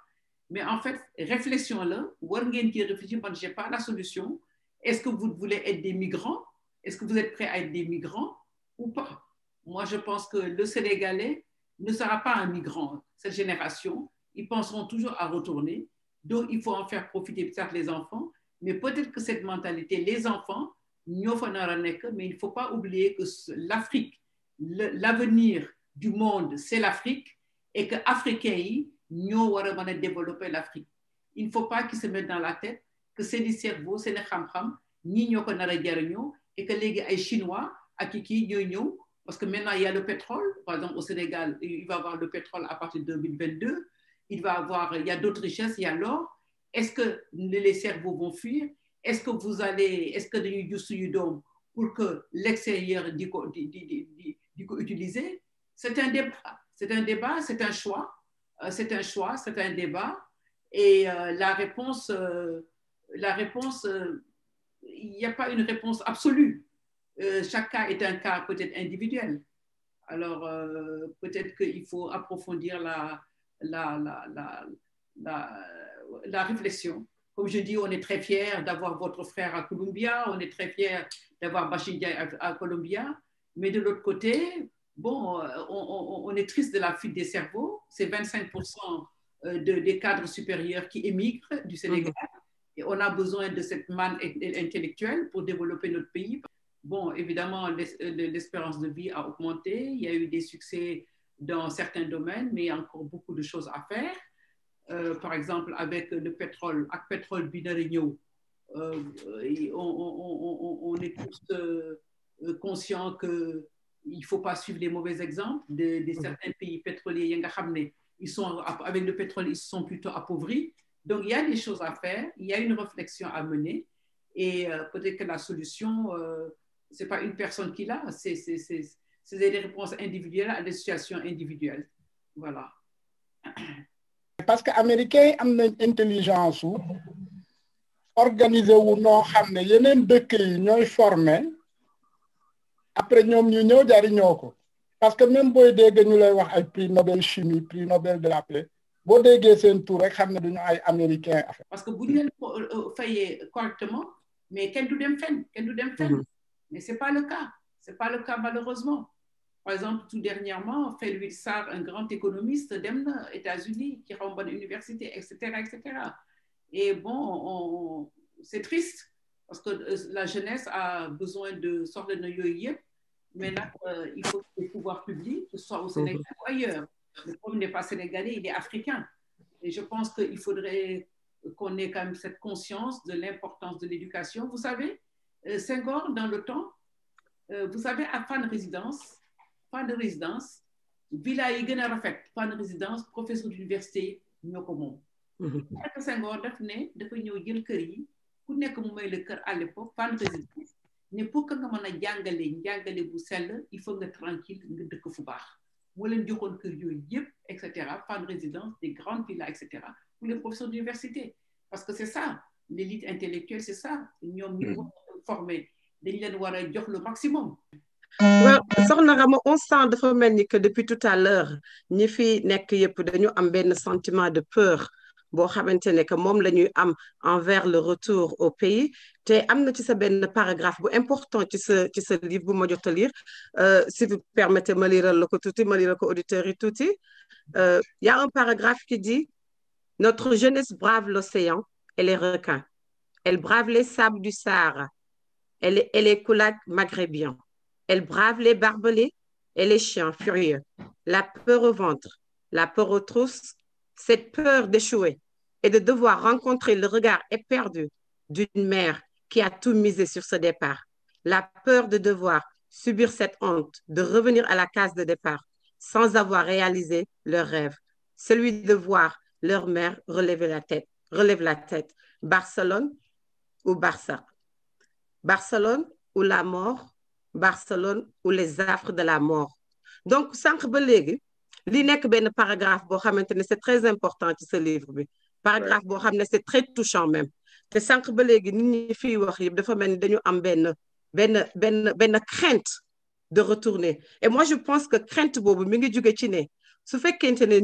Mais en fait, réflexion-là, Warren qui réfléchit, je j'ai pas la solution. Est-ce que vous voulez être des migrants Est-ce que vous êtes prêts à être des migrants ou pas Moi, je pense que le Sénégalais ne sera pas un migrant, cette génération. Ils penseront toujours à retourner. Donc, il faut en faire profiter peut-être les enfants. Mais peut-être que cette mentalité, les enfants, mais il ne faut pas oublier que l'Afrique l'avenir du monde, c'est l'Afrique et que Africains, nous devons développer l'Afrique. Il ne faut pas qu'ils se mettent dans la tête que c'est du cerveau, c'est les xam ni nous, et que les Chinois parce que maintenant il y a le pétrole. Par exemple, au Sénégal, il va y avoir le pétrole à partir de 2022. Il va avoir, il y a d'autres richesses, il y a l'or. Est-ce que les cerveaux vont fuir Est-ce que vous allez, est-ce que les pour que l'extérieur soit utilisé, c'est un débat. C'est un débat, c'est un choix. Euh, c'est un choix, c'est un débat. Et euh, la réponse, euh, la réponse, il n'y a pas une réponse absolue. chaque cas est un cas peut-être individuel. Alors, peut-être qu'il faut approfondir la la, la, la, la, réflexion comme je dis, on est très fiers d'avoir votre frère à Columbia, on est très fiers d'avoir Bachidia à, Colombia Columbia. Mais de l'autre côté, bon, on, est triste de la fuite des cerveaux. C'est 25% euh, des cadres supérieurs qui émigrent du Sénégal. Mm-hmm. Et on a besoin de cette manne intellectuelle pour développer notre pays. Bon, évidemment, euh, l'espérance de vie a augmenté. Il y a eu des succès dans certains domaines, mais il y a encore beaucoup de choses à faire. Euh, par exemple, avec le pétrole, avec le pétrole binarigno. Euh, on, est tous euh, euh, conscients qu'il ne faut pas suivre les mauvais exemples de, mm-hmm. certains pays pétroliers. Ils sont, avec le pétrole, ils sont plutôt appauvris. Donc, il y a des choses à faire, il y a une réflexion à mener. Et peut-être que la solution, c'est ce n'est pas une personne qui l'a, c'est des réponses individuelles à des situations individuelles. Voilà. (clears throat) parce que américain yi am intelligence organisé ou wu noo xam ne dëkk yi ñoy formé après ñom ñu ñëw jari ñoko parce que même boy dégg ñu lay wax ay prix Nobel chimie prix Nobel de la paix boo déggé sen tour rek xamné duñu ay américain parce que vous ñu leen euh, euh, correctement mais kenn du dem fenn kenn du dem fenn mm-hmm. mais c'est pas le cas c'est pas le cas malheureusement. Par exemple, tout dernièrement, Félix ça un grand économiste d'EMNA, États-Unis, qui rend bonne université, etc., etc. Et bon, c'est triste parce que euh, la jeunesse a besoin de sortir de yeux. Maintenant, là, euh, il faut que le pouvoirs publics soit au Sénégal ou mhm. ailleurs. Le problème n'est pas sénégalais, il est africain. Et je pense qu'il faudrait qu'on ait quand même cette conscience de l'importance de l'éducation. Vous savez, euh, Senghor, dans le temps, vous savez, à de Résidence, pas de résidence villa yi gëna pas de résidence professeur d'université ñoo ko mhm. ak sangor daf dafa jël kër yi ku mu à l'époque pas de résidence mais pour que nga il faut nga tranquille nga dëkk fu baax leen kër yoy pas de résidence des grandes villas etc. pour les professeurs d'université parce que c'est ça l'élite intellectuelle c'est ça nous ñu mhm. formé dañ leen jox le maximum Mm. waaw soxna Rama on sent dafa que depuis tout à l'heure ñi fi nek un dañu am sentiment de peur que am envers le retour au pays té y ci sa paragraphe bu important ci ce ci ce livre bu ma jot lire lire euh, si vous permettez ma vais le ko tuuti ma lire ko euh, y a un paragraphe qui dit notre jeunesse brave l'océan et les requins elle brave les sables du Sahara Elle les, et les maghrébien. Elle brave les barbelés et les chiens furieux, la peur au ventre, la peur aux trousses, cette peur d'échouer et de devoir rencontrer le regard éperdu d'une mère qui a tout misé sur ce départ, la peur de devoir subir cette honte, de revenir à la case de départ sans avoir réalisé leur rêve, celui de voir leur mère relever la tête, relève la tête, Barcelone ou Barça, Barcelone ou la mort Barcelone ou les affres de la mort donc sànq ba léegi li nekk benn paragraphe c'est très important ci ce livre bi paragraphe boo c'est très touchant même te sànq ba léegi nit ñi fiy wax yëpp dafa mel ni dañu am benn crainte de retourner et moi je pense que crainte boobu mi ngi jóge ci ne su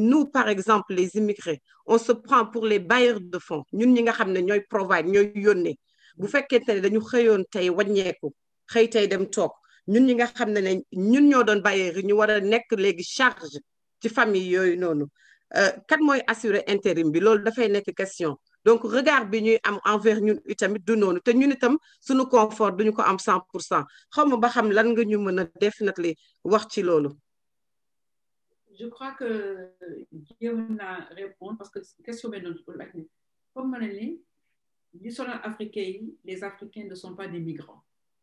nous par exemple les immigrés on se prend pour les bailleurs de fonds ñun ñi nga xam ne ñooy provide ñooy yónnee bu fekkente ne dañu xëyoon tey wàññeeku xëy tey dem toog ñun ñi nga xam ne ñun ñoo doon bailleurs ñu war a nekk léegi charge ci famille yooyu noonu euh, kat mooy assurer intérim bi loolu dafay nekk question donc regard bi ñuy am envers ñun itamit du noonu te ñun itam suñu confort duñu ko am 100 pour cent xaw ba xam lan nga ñu mën a definitely wax ci loolu je crois que jéem naa répondre parce que question bi noonu comme ma ne ni ñi sonal africain yi les africains ne sont pas des migrants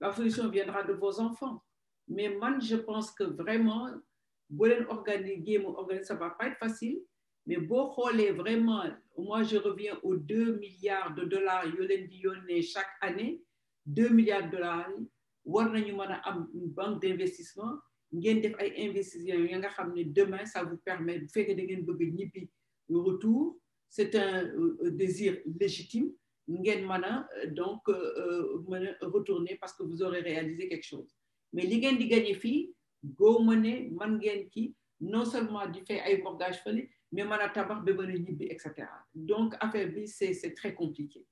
la solution viendra de vos enfants. Mais moi, je pense que vraiment, organiser, ça ne va pas être facile. Mais est vraiment, moi, je reviens aux 2 milliards de dollars chaque année. 2 milliards de dollars, vous une banque d'investissement, vous def demain ça vous permet de faire da retour c'est un euh, désir légitime ngen euh, donc retournez euh, retourner parce que vous aurez réalisé quelque chose mais li gens di gagné fi, go mene man non seulement du fait ay mortgage mais mën tabax donc affaire bi c'est c'est très compliqué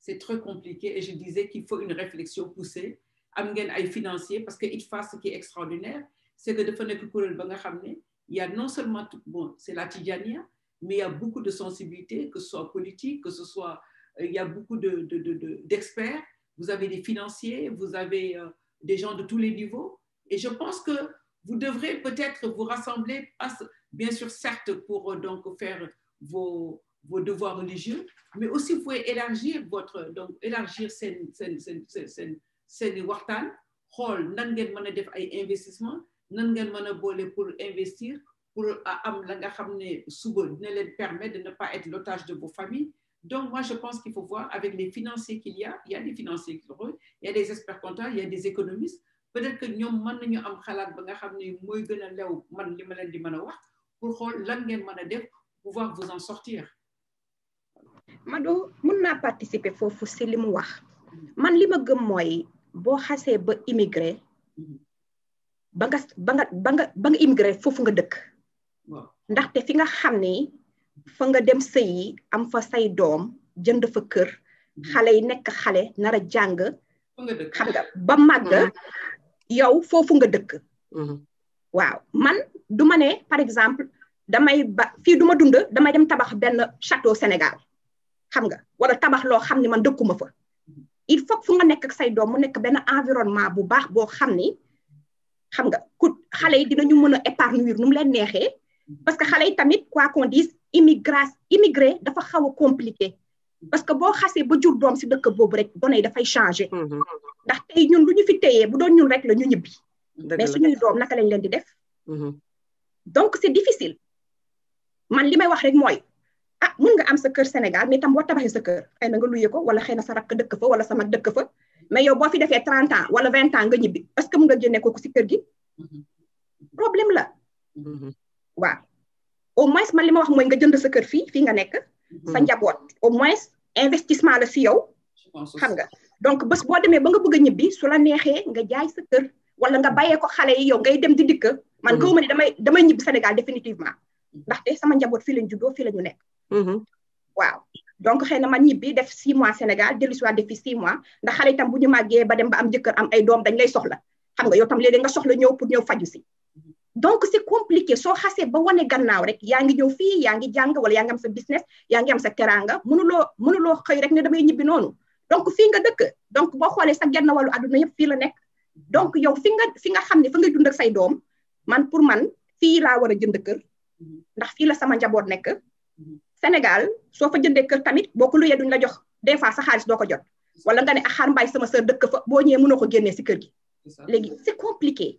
c'est très compliqué et je disais qu'il faut une réflexion poussée am ngen ay financier parce que faire ce qui est extraordinaire c'est que de nekk kuréel ba nga il y a non seulement bon c'est la Tijania mais il y a beaucoup de sensibilité que ce soit politique que ce soit euh, il y a beaucoup d'experts, de, vous avez des financiers, vous avez euh, des gens de tous les niveaux. Et je pense que vous devrez peut-être vous rassembler, bien sûr, certes, pour euh, donc faire vos, devoirs religieux, mais aussi vous pouvez élargir votre, donc élargir sen, wartan, pour investir pour la ne de ne pas être l'otage de vos familles donc, moi, je pense qu'il faut voir avec les financiers qu'il y a. Il y a des financiers qui il y a des experts comptables, il y a des économistes. Peut-être que nous, nous avons xalaat ba nga xamné moy gëna lew man lima leen di mëna wax pour que lan ngeen mëna pour pouvoir vous en sortir mado mën pas participer fofu ci limu wax man lima gëm moy bo xassé ba immigré ba nga ba nga ba nga immigré fofu nga dëkk ndaxte fi nga xamné fa nga dem sëyi am fa say doom jënd fa kër mhm. xale yi nekk xale nar a jàng xam nga ba màgg mhm. yow foofu nga dëkk mhm. waaw man du ma ne par exemple damay ba fii du ma dund damay dem tabax benn château Sénégal xam nga wala tabax loo xam ne man dëkkuma fa il faut fu nga nekk ak say doom mu nekk benn environnement bu baax boo xam ni xam nga ku xale yi dinañu mën a épanouir nu mu neexee parce que xale yi tamit quoi qu'on immigra immigré dafa xaw a compliqué parce que boo xasee ba jur doom si dëkk boobu rek données dafay changé mm-hmm. ndax tey ñun lu ñu fi téyee bu doon ñun rek la ñu ñibbi mais suñuy doom naka lañ leen di def mm-hmm. donc c'est difficile man li may wax rek mooy a ah mun nga am sa kër Sénégal mais tam boo tabaxee sa kër xëy na nga luyee ko wala xëy na sa rakk dëkk fa wala sa mag dëkk fa mais yow boo fi defee trente ans wala vingt ans nga ñibbi parce que mun nga génne ko si kër gi mm-hmm. problème la au moins man lima wax moy nga jënd sa kër fi fi nga nek mhm. sa njabot au moins investissement la ci yow xam nga donc bës bo démé ba nga bëgg ñibbi su la nexé nga jaay sa kër wala nga bayé ko xalé yi yow ngay dem di dikk man mhm. gëwuma ni damay damay ñibbi Sénégal définitivement mhm. ndax té sama njabot fi lañ juddo fi lañu nek nekk waaw donc xeyna na man ñibbi def 6 mois Sénégal dellu si def 6 mois ndax xalé tam bu ñu maggé ba dem ba am jëkkër am ay doom dañ lay soxla xam nga yow tam léegi nga soxla ñëw pour ñëw faju ci donc c'est compliqué soo xasee ba wane gannaaw rek yaa ngi ñëw fii yaa ngi jàng wala yaa ngi am sa business yaa ngi am sa teraanga mënuloo mënuloo xëy rek ne damay ñibbi noonu donc fii nga dëkk donc boo xoolee sa genn wàllu àdduna yëpp fii la nekk donc yow fi nga fi nga xam ne fa nga dund say doom man pour man fii laa war a jënd kër ndax fii la sama njaboot nekk Sénégal soo fa jëndee kër tamit boo ko luyee duñ la jox des fois sa xaalis doo ko jot wala nga ne axaar ah, mbaay sama sœur dëkk fa boo ñëwee mënoo ko génnee si kër gi léegi c'est compliqué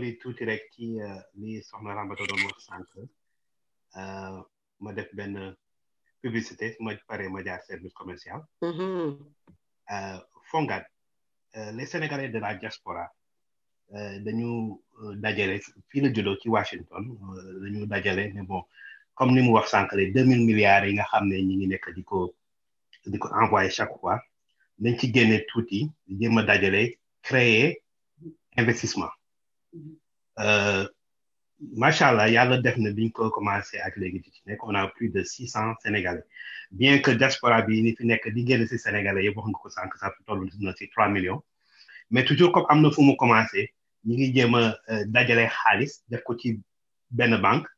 yi tuuti rek ci li eh, soxna Rambato doon wax sànq eh, ma def benn publicité ma pare ma jaar service commercial. Mm-hmm. Eh, Fongat les Sénégalais de la diaspora dañu dajale fii la juddoo ci Washington dañu dajale ne bon comme ni mu wax sànq les deux mille milliards yi nga xam ne ñi ngi nekk di ko di ko envoyé chaque fois dañ ci génne tuuti jéem a dajale créer investissement. Euh, macha allah yàlla def na biñ ko commencé ak léegi di ci nekk on a plus de six cent sénégalais bien que diaspora bi ni fi nekk di génn si sénégalais yëpp wax nga ko sànq sax toll na si trois millions mais toujours comme am na fu mu commencé ñu ngi jéem a euh, dajale xaalis def ko ci benn bank banque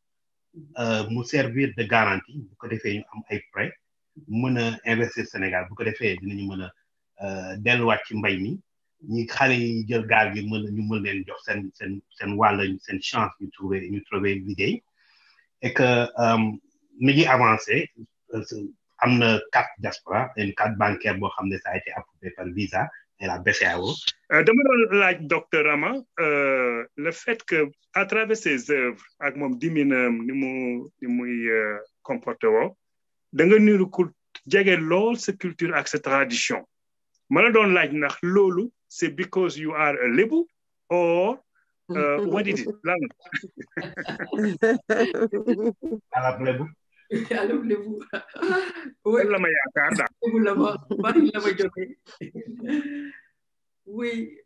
euh, mu servir de garantie bu ko defee ñu am ay prêt mën a investir Sénégal bu ko defee ñu mën a delluwaat ci mbay mi ñi xale yi jël gaal gi mën ñu mën leen jox seen seen seen wàll seen chance ñu trouver ñu trouver liggéey et que euh, mi ngi avancé am na carte diaspora une carte bancaire boo xam ne ça a été approuvé par Visa et la BCEAO. Euh, dama doon laaj docteur Rama euh, le fait que à travers ses œuvres ak moom dimina ni mu ni muy comporté woo da nga niru ku jege lool sa culture ak sa tradition. ma la doon laaj ndax loolu c'est because you are a liberal or uh, (laughs) what is it? Lan yàlla bu lebu oui la ma yaakaar daal lebu la ma bari la ma jógee oui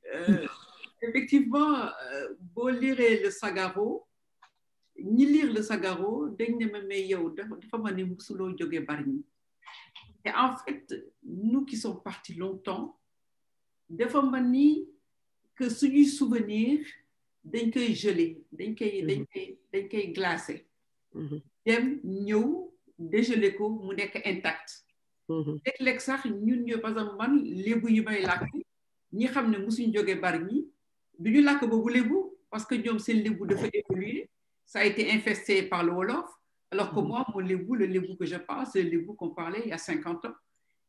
effectivement euh, boo lire le sagaro Ni lire le sagaro dañ ne ma mais yow dafa ma ne musuloo jógee et en fait nous qui sommes partis longtemps dafa mel ni que suñuy souvenir dañ koy gelé mhm. dañ koy dañ koy dañ koy glacé mhm. dem ñëw dégelé ko mu nekk intact mhm. léeg-léeg sax ñun ñu par exemple man lébu yu may làkk ñi xam ne musuñ jóge bari ñi du ñu làkk boobu lébu parce que ñoom seen lébu dafa évolué ça a été infesté par le wolof alors que moi mon lébu le lébu que je parle c'est le lébu qu'on parlait il y a cinquante ans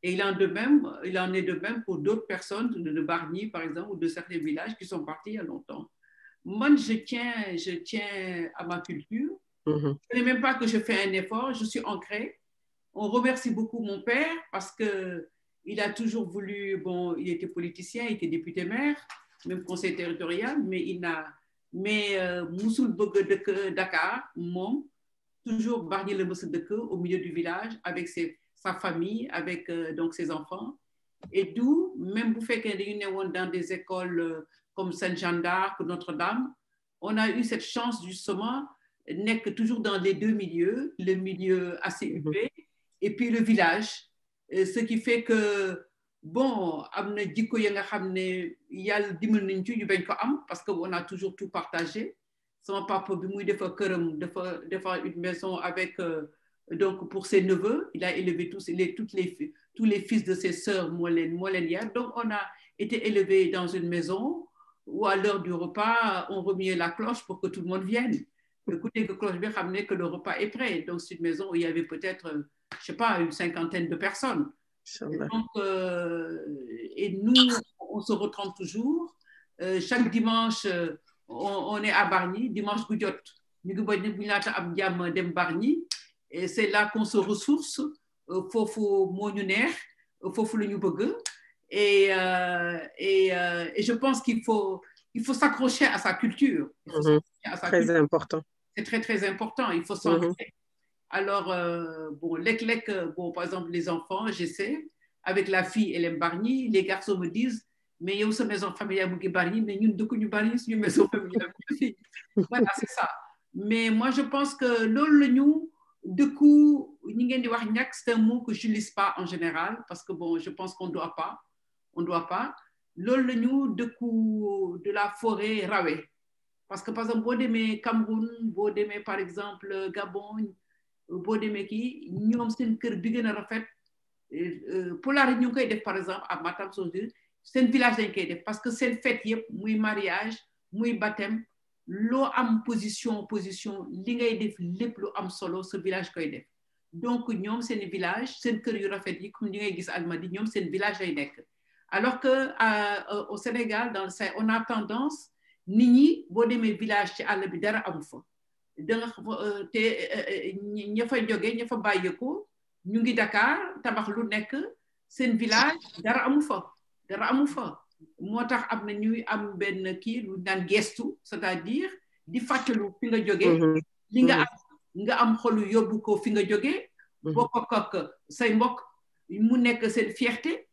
et il en, de même, il en est de même pour d'autres personnes de Barnier, par exemple, ou de certains villages qui sont partis il y a longtemps. Moi, je tiens, je tiens à ma culture. Mm-hmm. Je ne même pas que je fais un effort, je suis ancrée. On remercie beaucoup mon père parce que il a toujours voulu, bon, il était politicien, il était député maire, même conseil territorial, mais il n'a, mais euh, Moussoul de Dakar, mon, toujours barnier le de au milieu du village avec ses sa famille avec euh, donc ses enfants. Et d'où, même vous faites dans des écoles euh, comme Saint-Jean d'Arc, ou Notre-Dame, on a eu cette chance justement n'est que toujours dans les deux milieux, le milieu assez élevé mhm. et puis le village. Euh, ce qui fait que, bon, parce qu'on a toujours tout partagé. Son papa, il de fait une maison avec donc pour ses neveux, il a élevé tous les, tous les fils de ses sœurs Molenia. Donc on a été élevés dans une maison où à l'heure du repas, on remuait la cloche pour que tout le monde vienne. Écoutez que cloche bien ramener que le repas est prêt. Donc c'est une maison où il y avait peut-être, je sais pas, une cinquantaine de personnes. Et nous, on se retrouve toujours. chaque dimanche, on, est à Barni, dimanche Goudiotte. Nous à Barni et c'est là qu'on se ressource pour euh, moo ñu neex foofu la bëgg et euh, et euh, et je pense qu'il faut il faut s'accrocher à sa culture. c'est mhm. très important. C'est très très important. Il faut s'ancrer. Mhm. Alors bon bon par exemple les enfants j'essaie avec la fille Hélène Barnier les garçons me disent mais aussi une maison familiale qui ngi Barnier mais ñun dëkkuñu Barnier une maison familiale (laughs) voilà c'est ça mais moi je pense que nous nous du coup, c'est un mot que je lise pas en général parce que bon je pense qu'on ne doit pas on ne doit pas loolu la de coup de la forêt rawe parce que par exemple boo Cameroun boo par exemple euh, Gabon euh, boo demee nous sommes seen kër bi gën a rafet euh, pulaar yi ñu koy par exemple à Matam c'est un village qui est parce que une fête yëpp muy mariage muy baptême lo am position position li ngay def lepp lu am solo ce village koy def donc ñom seen village seen kër yu rafet yi comme li ngay gis Almadies ñom seen village ay nek alors que euh, au Sénégal dans le on a tendance nit ñi bo démé village ci àll bi dara amu fa da nga euh, té euh, ña fa joggé ña fa bàyyeekoo ñu ngi Dakar tabax lu nek seen village dara amu fa dara amu fa motax amna ñuy am ben ki lu daan gestu c'est-à-dire di fatelu fi nga joggé mhm. li nga mhm. am nga am xolu yóbbu ko fi nga joggé mhm. bokk ak say mbok mu nek seen fierté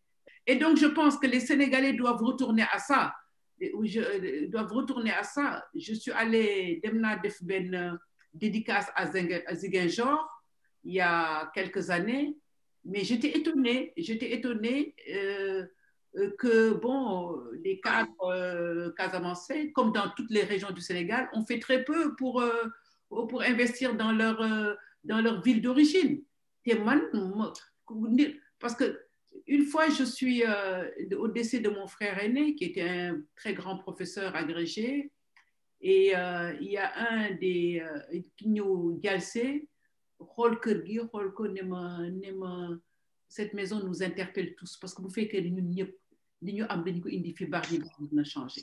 et donc je pense que les Sénégalais doivent retourner à ça je, euh, doivent retourner à ça je suis allée demna def ben dédicace à Ziguinchor il y a quelques années mais j'étais étonnée j'étais étonnée euh, euh, que bon, les cadres euh, casamancés, comme dans toutes les régions du Sénégal, ont fait très peu pour, euh, pour investir dans leur, dans leur ville d'origine. Parce que une fois, je suis au décès de mon frère aîné, qui était un très grand professeur agrégé, et il y a un des qui nous cette maison nous interpelle tous parce que vous faites que nous li ñu am dañ ko indi fi bari na changé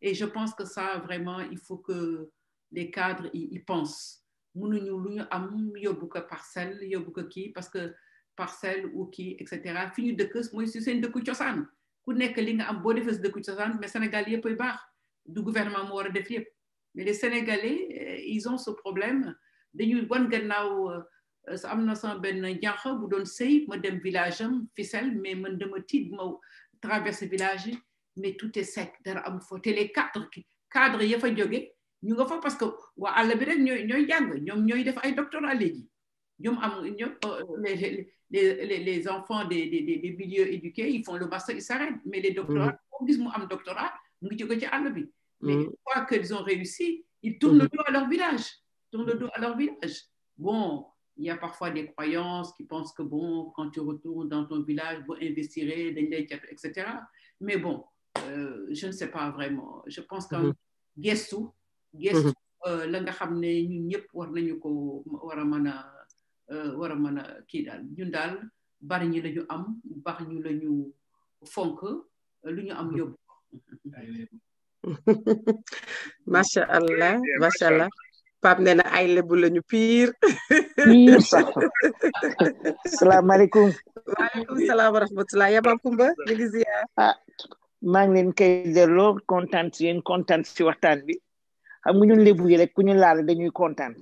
et je pense que ça vraiment il faut que les cadres y pensent mënuñu lu ñu am yóbbu ko parcelle yóbbu ko qui parce que parcelle ou qui et cetera fi ñu dëkk mooy si seen dëkku cosaan ku nekk li nga am bo defee si dëkku mais Sénégal yépp ay baax du gouvernement mo war def mais les Sénégalais euh, ils ont ce problème dañuy wan gannaaw euh, am na sama ben jànq bu doon sey ma dem village am sel mais man dama tid ma traversé village mais tout est sec dara faut fa te les cadres ki cadre ya fa jóge ñu nga fa parce que wa Allah bi rek ñoy ñoy jang ñom ñoy def ay doctorat légui ñoom am ñoom euh, les les les enfants des des des milieux éduqués ils font le master ils s'arrêtent mais les docteurs, foo mm-hmm. gis mu am doctorat mu ngi jóge ci àll bi mais mm-hmm. une fois qu'ils ont réussi ils tournent le mm-hmm. dos à leur village tournent le dos à leur village bon il y a parfois des croyances qui pensent que, bon, quand tu retournes dans ton village, vous investirez, etc. Mais bon, euh, je ne sais pas vraiment. Je pense qu'en mm-hmm. gestu, gestu, mm-hmm. Euh, la nga xam ne ñun ñëpp war nañu ko war a mën a euh, war a mën ñun dal bari ñi lañu am baax ñu fonk lu ñu am mm-hmm. yóbbu. (laughs) macha allah macha allah. Pape nee na ay lebu lañu piir piir sax (laughs) salaamaaleykum waaleykum salaam wa rahmatulah Yaba Kumba ah maa ngi leen koy delloo kontaan yéen kontaan si waxtaan bi xam nga ñun lebu yi rek ku ñu laal dañuy kontaan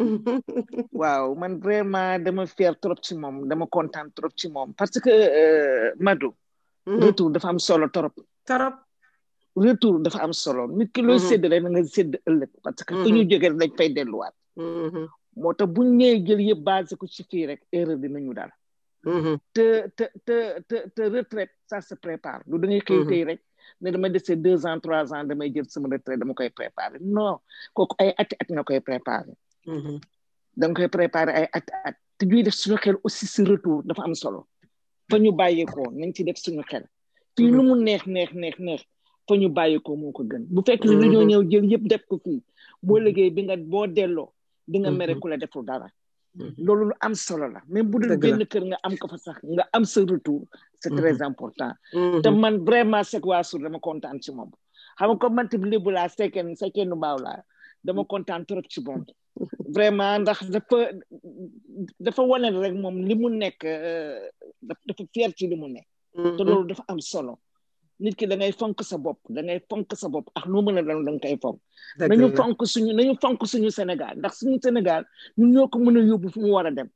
(laughs) waaw man vraiment dama fier trop ci moom dama kontaan trop ci moom parce que euh, Madou mm-hmm. retour dafa am solo trop retour dafa am solo nit ki looy mhm. séddale na nga sédd ëllëg parce que fu mhm. ñu jógee rek dañ fay delluwaat mhm. moo tax buñ ñëwee jël yëpp basé ko ci fii rek erreur dinañu daal te te te te te retraite ça se prépare lu da ngay xëy tey rek ne damay dese deux ans trois ans damay jël sama retraite dama koy préparé no kooku ay ati at nga koy préparé danga koy préparé ay ati at te ñuy def suñu xel aussi si retour dafa am solo fa ñu bàyyeekoo nañ ci def suñu xel fii lu neex neex neex neex fa ñu bàyyi ko moo ko gën bu fekk ne dañoo mhm. ñëw jël yëpp def ko fii boo mhm. liggéey bi nga boo delloo di nga mhm. mere ku la deful dara loolu lu am solo la même bu dul benn nga am ko fa sax nga am sa retour c'est très important te man vraiment Seck Wassour dama kontaan ci moom xam nga comme man tam lébu laa sekkeen sekkeenu mbaaw laa dama kontaan trop ci moom vraiment ndax dafa dafa wane rek moom li mu nekk euh, dafa fier ci li mu nekk te loolu dafa am solo nit ki da ngay fonk sa bopp da ngay fonk sa bopp ak loo mën a doon da koy fonk nañu fonk suñu nañu fonk suñu Sénégal ndax suñu Sénégal ñun ñoo ko mën a yóbbu fu mu war a dem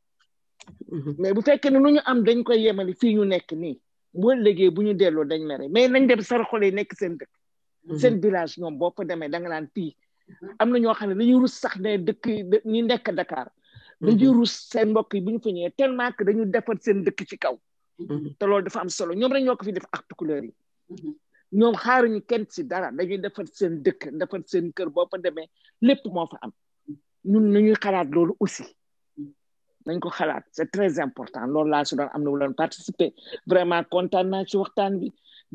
mhm. mais bu fekkee ne nu ñu am dañ koy yemale fii ñu nekk nii boo léegi bu ñu delloo dañ mere mais nañ dem saraxole nekk seen dëkk mhm. seen village ñoom boo fa demee da fii mhm. am na ñoo xam ne dañuy rus sax ne dëkk ñi nekk Dakar dañuy rus seen mbokk yi bu ñu fa ñëwee tellement que dañu defar seen dëkk ci kaw te loolu dafa am solo ñoom rek ñoo ko fi def ak couleur yi Mm-hmm. ñoom xaaruñu kenn si dara dañuy defar seen dëkk defar seen kër boo fa demee lépp moo fa am ñun ñu ñuy xalaat loolu aussi nañ ko xalaat c'est très important loolu laa si doon am na wu leen participer vraiment kontaan naa ci waxtaan bi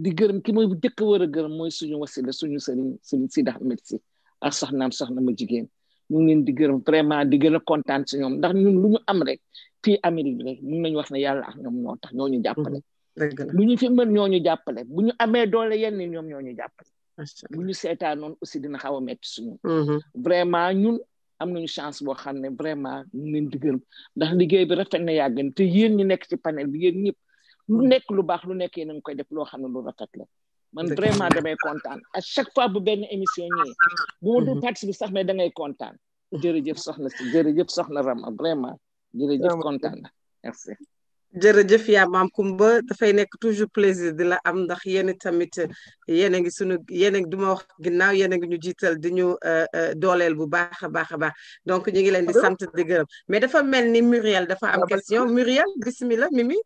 di gërëm ki muy dëkk war a gërëm mooy suñu wasila suñu sëriñ sëriñ si dax médecin ak soxnaam soxna ma jigéen ñu ngi leen di gërëm vraiment di gën a kontaan si ñoom ndax ñun lu ñu am rek fii Amérique bi rek mun wax ne yàlla ak ñoom ñoo tax ñoo ñu jàppale. bu ñu fi mën ñoo ñu jàppale bu ñu amee doole yenn ñoom ñoo ñu jàppale. bu ñu seetaanoon aussi dina xaw a metti suñu. Mm-hmm. vraiment ñun am nañu chance boo xam ne vraiment ñu leen di gërëm ndax liggéey bi rafet na yàgg na te yéen ñi nekk ci panel bi yéen ñëpp lu mm-hmm. nekk lu baax lu nekk yéen a koy def loo xam ne lu rafet la. man vraiment damay kontaan a chaque fois bu benn émission ñëwee. bu ma dul mm-hmm. participer sax mais da ngay kontaan. jërëjëf soxna si jërëjëf soxna Rama vraiment. jërëjëf kontaan na merci. jërëjëf yaa maam Kumba dafay nekk toujours plaisir di la am ndax yéen tamit yéen a ngi sunu yéen a ngi du ma wax ginnaaw yéen a ngi ñu jiital di ñu euh, euh, dooleel bu baax a baax a baax donc ñu ngi leen di sant di gërëm mais dafa mel ni Muriel dafa am ah, question Muriel Bismillah Mimi.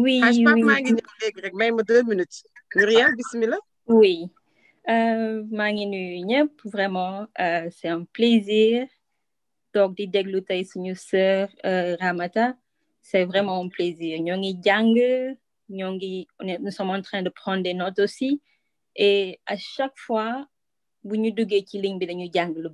oui oui maa ngi ñëw léegi rek may ma deux minutes Muriel Bismillah. oui euh, maa ngi nuyu ñëpp vraiment c'est un plaisir donc di déglu tey suñu sœur Ramata c'est vraiment un plaisir. Nous sommes en train de prendre des notes aussi. Et à chaque fois, bu ñu duggee ci ligne bi dañu jàng lu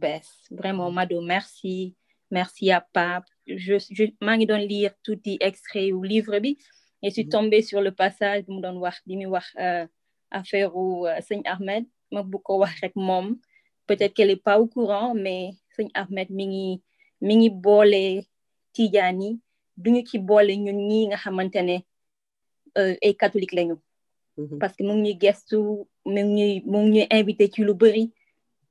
vraiment Mado merci merci à Pape je je maa ngi lire tuuti extrait ou livre bi et suis mhm. tombée sur le passage de mu voir wax euh, affaire ou euh, sëñ Ahmed ma bu ko wax rek peut-être qu'elle est pas au courant mais sëñ Ahmed mingi mingi bolé Tijani duñu ci boole ñun ñi nga xamante ne euh, ay catholique lañu mm-hmm. parce que mu ngi ñuy gestu mu ngi mu ngi invité ci lu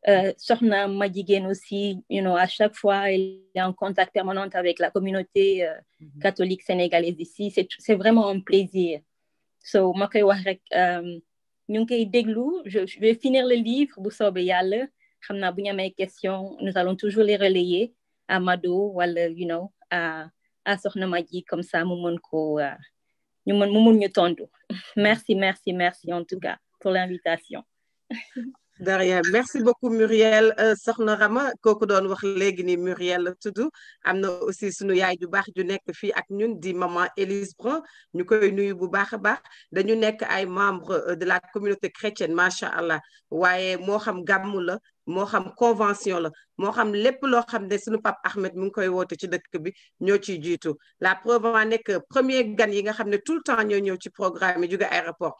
euh soxna ma jigen aussi you know à chaque fois elle est en contact permanent avec la communauté euh, mm-hmm. catholique sénégalaise ici c'est c'est vraiment un plaisir so ma koy wax rek euh, ñu ngi déglu je vais finir le livre bu sobe yalla xamna bu ñu amee question nous allons toujours les relayer à Mado wala you know à à soxna ma comme ça mu mën ko euh, ñu mën mu (laughs) merci merci merci en tout cas pour l'invitation (laughs) Derrière merci beaucoup Muriel euh, soxna Rama kooku doon wax legui ni Muriel la amna aussi sunu yaay ju bax ju nek fi ak ñun di maman Elise Brun ñu nuyu bu baaxa baax dañu nek ay membre euh, de la communauté chrétienne Masha allah waaye moo xam gamu la mo xam convention la mo xam lepp lo xam ne sunu pap Ahmed mu ngi koy woote ci dëkk bi ñoo ciy la preuve en est que premier gan yi nga xam ne tout le temps ñoo ñëw ci programme yi jóge aéroport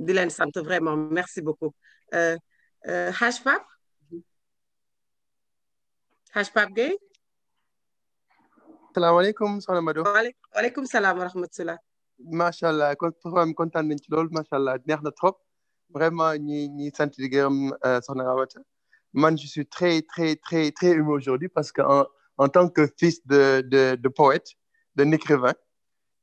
Dylan Santo vraiment merci beaucoup euh, euh, hashpap Hashpap Gay? alaikum, alaikum Salam alaikum, alaikum, alaikum. alaikum wa rahmatullah vraiment euh, je suis très très très très heureux aujourd'hui parce qu'en en tant que fils de de de poète d'un écrivain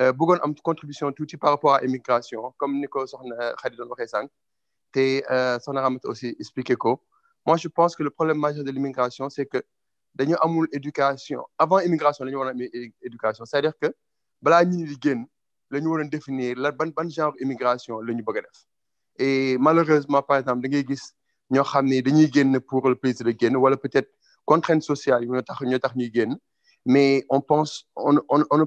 Euh, bëggoon am contribution tuuti par rapport à immigration comme ni ko soxna Khady doon waxee sànq te euh, aussi expliqué ko moi je pense que le problème majeur de l'immigration c'est que dañu amul éducation avant immigration dañu war a éducation c'est-à-dire que balaa ñu di génn la ñu a définir la ban ban genre immigration la ñu bëgg def et malheureusement par exemple da ngay gis ñoo xam ne dañuy génn pour le plaisir de génn wala peut-être contrainte sociale, yi ñoo tax ñoo tax ñuy génn mais on pense on on on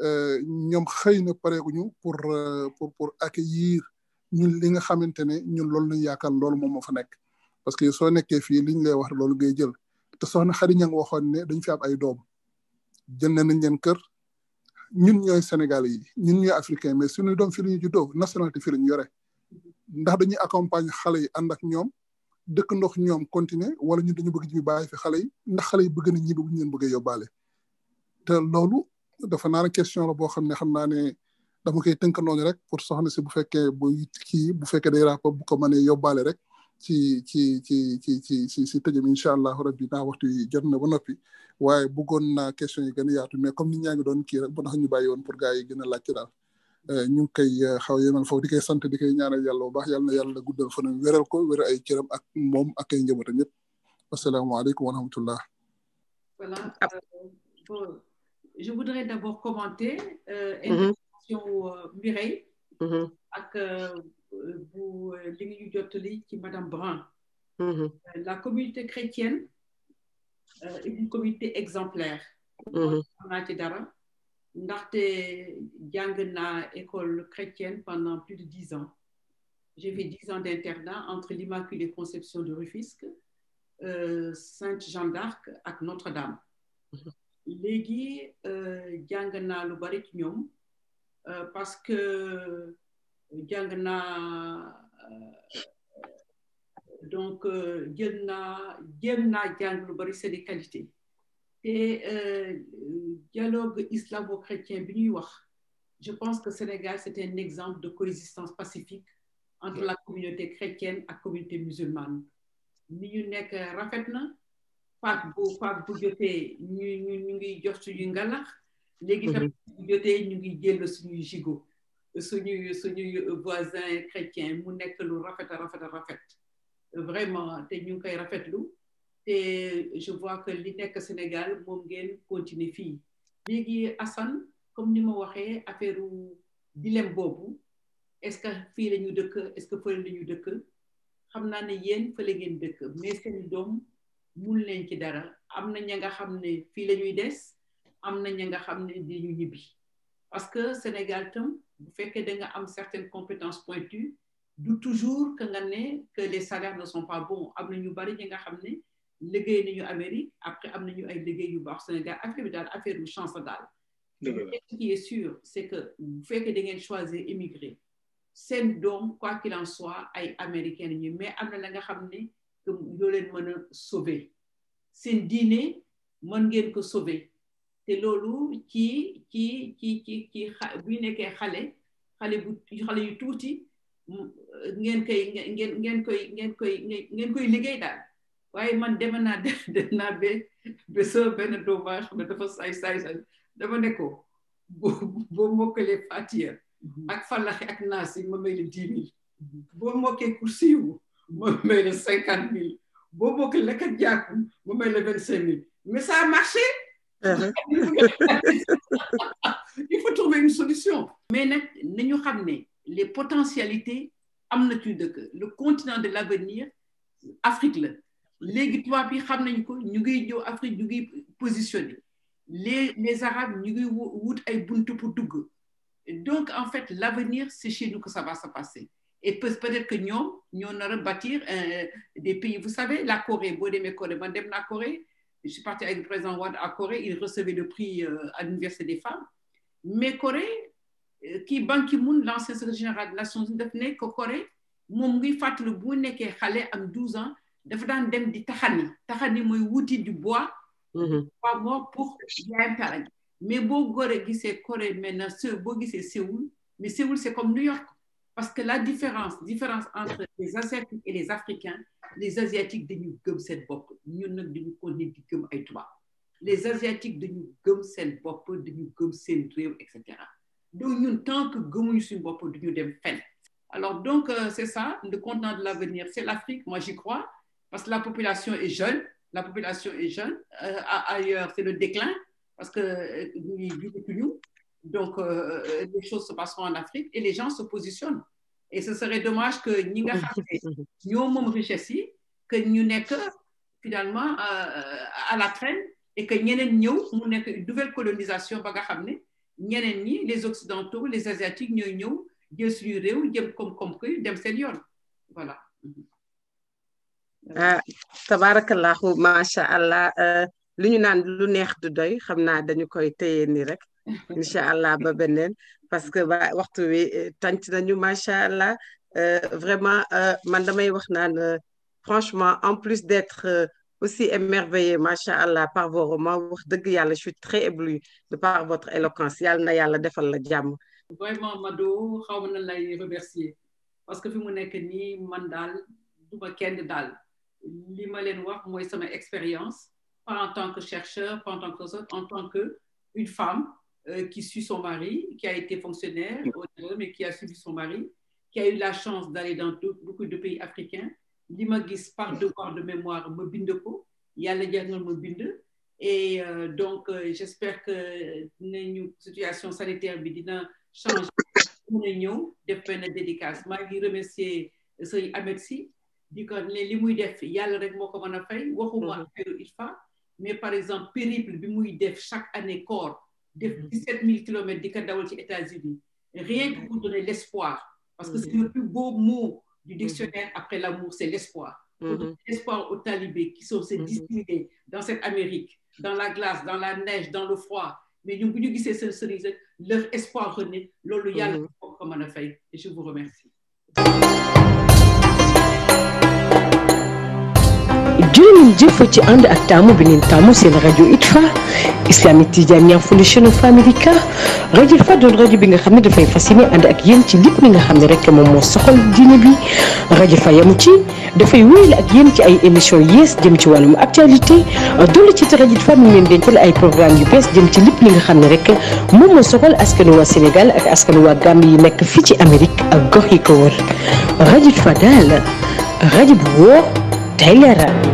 Euh, ñoom xëy na pareeguñu pour euh, pour pour accueillir ñu li nga xamante ne ñun loolu lañ yaakaar loolu moom moo fa nekk parce que soo nekkee fii liñ lay wax loolu ngay jël te soxna Xadi Ñang waxoon ne dañ fi am ay doom jël nañ leen kër ñun ñooy Sénégal yi ñun ñooy africain mais suñu doom fi la ñu juddoo nationalité fi la ñu yore ndax dañuy accompagner xale yi ànd ak ñoom dëkk ndox ñoom continuer wala ñu dañu bëgg ñu bàyyi fi xale yi ndax xale yi bëgg na ñibbi bu ñu leen bëggee yóbbaale dafa naan question la boo xam ne xam naa ne dama koy tënk noonu rek pour soxna si bu fekkee bu kii bu fekkee day rapport bu ko mënee yóbbaale rek ci ci ci ci ci ci si tëjëm incha allahu rabbi naa waxtu yi jot na ba noppi waaye bëggoon naa question yi gën a yaatu mais comme nit ñaa ngi doon kii rek ba tax ñu bàyyi woon pour gars yi gën a laajte daal euh, ñu ngi koy euh, xaw yemal foofu di koy sant di koy ñaanal yàlla bu baax yàlla na yàlla guddal fanam wéral ko wéral ay cëram ak moom ak ay njabootam yëpp asalaamaaleykum wa rahmatullah je voudrais d'abord commenter euh, mm-hmm. euh Mireille mm-hmm. ak euh, euh, bu avec vous, madame Brun mm-hmm. la communauté chrétienne est une communauté exemplaire xam dara école chrétienne pendant plus de dix ans j'ai fait dix ans d'internat entre l'Immaculée Conception de Rufisque Sainte Jeanne d'Arc et Notre-Dame léegi euh, jàng naa lu bari ci ñom euh, parce que jàng naa euh, donc jël naa jéem lu bari des qualité Et dialogue islamo-chrétien bi ñuy wax je pense que Sénégal c'est un exemple de coexistence pacifique entre la communauté chrétienne et la communauté musulmane ni ñu nek rafet na paak bu paak bu jotee ñu ñu ñu ngi jox suñuy ngalax léegi mhm. tamit bu jotee ñu ngi jël suñuy jigo suñuy suñuy voisin chrétien mu nekk lu rafet a rafet vraiment te ñu ngi koy rafetlu te je vois que li nekk Sénégal moom ngeen continuer fii léegi Assane comme ni ma waxee affaire u dilem boobu est-ce que fii la ñu dëkk est-ce que fële la ñu dëkk xam naa ne yéen fële ngeen dëkk mais seen doom mun leen ci dara am na ña nga xam ne fii la ñuy des am na ña nga xam ne ñibbi parce que Sénégal tam bu fekkee da nga am certaines compétences pointues du toujours que nga ne que les salaires ne sont pas bons am na ñu bari ñi nga xam ne liggéey nañu Amérique après am nañu ay liggéey yu baax Sénégal ak bi daal affaire bu chance daal. ce qui est sûr c'est que bu fekkee da ngeen choisir émigrer seen doom quoi qu'il en soit ay américain ñu mais am na la nga xam ne. que yoo leen mën a sauver seen diine mën ngeen ko sauver te loolu ci ci ci ci ci bu ñu nekkee xale xale bu xale yu tuuti ngeen koy ngeen ngeen koy ngeen koy ngeen koy liggéey daal waaye man dema naa dem naa ba ba soo benn doomam ne dafa say saay saay dama ne ko boo boo mokkalee Fatiha ak falaxe ak naas yi ma la dix mille mm-hmm. boo mokkee kursiyu moi, je mets les 50 000. Bobo, que moi, mets les 25 000. Mais ça a marché. Uh-huh. (laughs) Il faut trouver une solution. Mais nous savons les potentialités, le continent de l'avenir, Afrique. là. Les yi qui nañ ko ñu ngi Afrique les arabes nous ngi pour donc en fait l'avenir c'est chez nous que ça va se passer et peut-être que nous, nous allons bâtir euh, des pays. Vous savez, la Corée, Bodemé Corée, Mandem la Corée, je suis partie avec le président Wad à Corée, il recevait le prix euh, à l'Université des femmes. Mais Corée, euh, qui Ban Ki-moon, l'ancien secrétaire général des Nations Unies, que Corée, moom ngi fàttali qui nekkee allé am 12 ans dafa daan dem di taxani il mooy wuti du bois. bois mhm. mort pour yaayam tara mais boo góore gisee Corée maintenant boo c'est Séoul mais Séoul c'est comme New York. Parce que la différence, différence entre les Asiatiques et les Africains, les Asiatiques ils gëm sont pas ñun nag ils ne di pas les Asiatiques de gëm seen bopp dañu gëm sen et donc tant que ils ne sont pas dem fenn. alors donc euh, c'est ça le continent de l'avenir c'est l'Afrique moi j'y crois parce que la population est jeune la population est jeune euh, ailleurs c'est le déclin parce que nous euh, donc, euh, euh, les choses se passeront en Afrique et les gens se positionnent. Et ce serait dommage que nous avons richesse, que nous n'ayons que finalement euh, à la traîne et que nous avons une nouvelle colonisation. Les Occidentaux, les Asiatiques, nous avons comme compris, nous avons Voilà. tabarakallahu macha allah li ñu naan lu neex du doy xam naa dañu koy téye ni rek inshallah allah ba benen parce que ba waxtu wi eh, tànc nañu macha eh, vraiment eh, man damay wax franchement en plus d'être aussi émerveillé macha par vos romans wax yalla je suis très ébloui de par votre éloquence na defal la jàmm. vraiment Mado xawma ma la lay remercier parce que fi mu nekk nii man dal duma kenn d'al, li ma len wax moy sama expérience pas en tant que chercheur pas en tant que en tant que une femme. Euh, qui suit son mari, qui a été fonctionnaire mais mm. qui a suivi son mari, qui a eu la chance d'aller dans beaucoup de pays africains. Limagis ma gis par devoir de mémoire ma bind ko yàlla ma et euh, donc euh, j'espère que notre situation sanitaire va change changer mun a ñëw def dédicace remercier sëñ Ahmed Sy a fay mm-hmm. mais par exemple périple bi def chaque année corps def 17 mhm. 000 kilomètres di États-Unis rien que pour donner l'espoir parce que mhm. c'est le plus beau mot du mhm. dictionnaire après l'amour c'est l'espoir l'espoir aux talibés qui sont se dans cette Amérique dans la glace dans la neige dans le froid mais nous voulons que ce leur espoir renaît leur comme comme on a fait. et je vous remercie jërëngeen jëf ci ànd ak taamu bi ngeen taamu seen rajo ITFA Islamic Tidjaniya Foundation of America rajo ITFA doon rajo bi nga xam ne dafay fas yéene ànd ak yéen ci lépp li nga xam ne rek moom moo soxal diine bi rajo ITFA yamu ci dafay ak yéen ci ay émission yees jëm ci wàllum actualité dolli ci rajo ITFA mu ngi leen dencal ay programme yu bees jëm ci lépp li nga xam ne rek moom moo soxal askanu waa Sénégal ak askanu waa Gambie yi nekk fii ci Amérique ak gox yi ko wër rajo ITFA daal rajo bu wóor tey leeral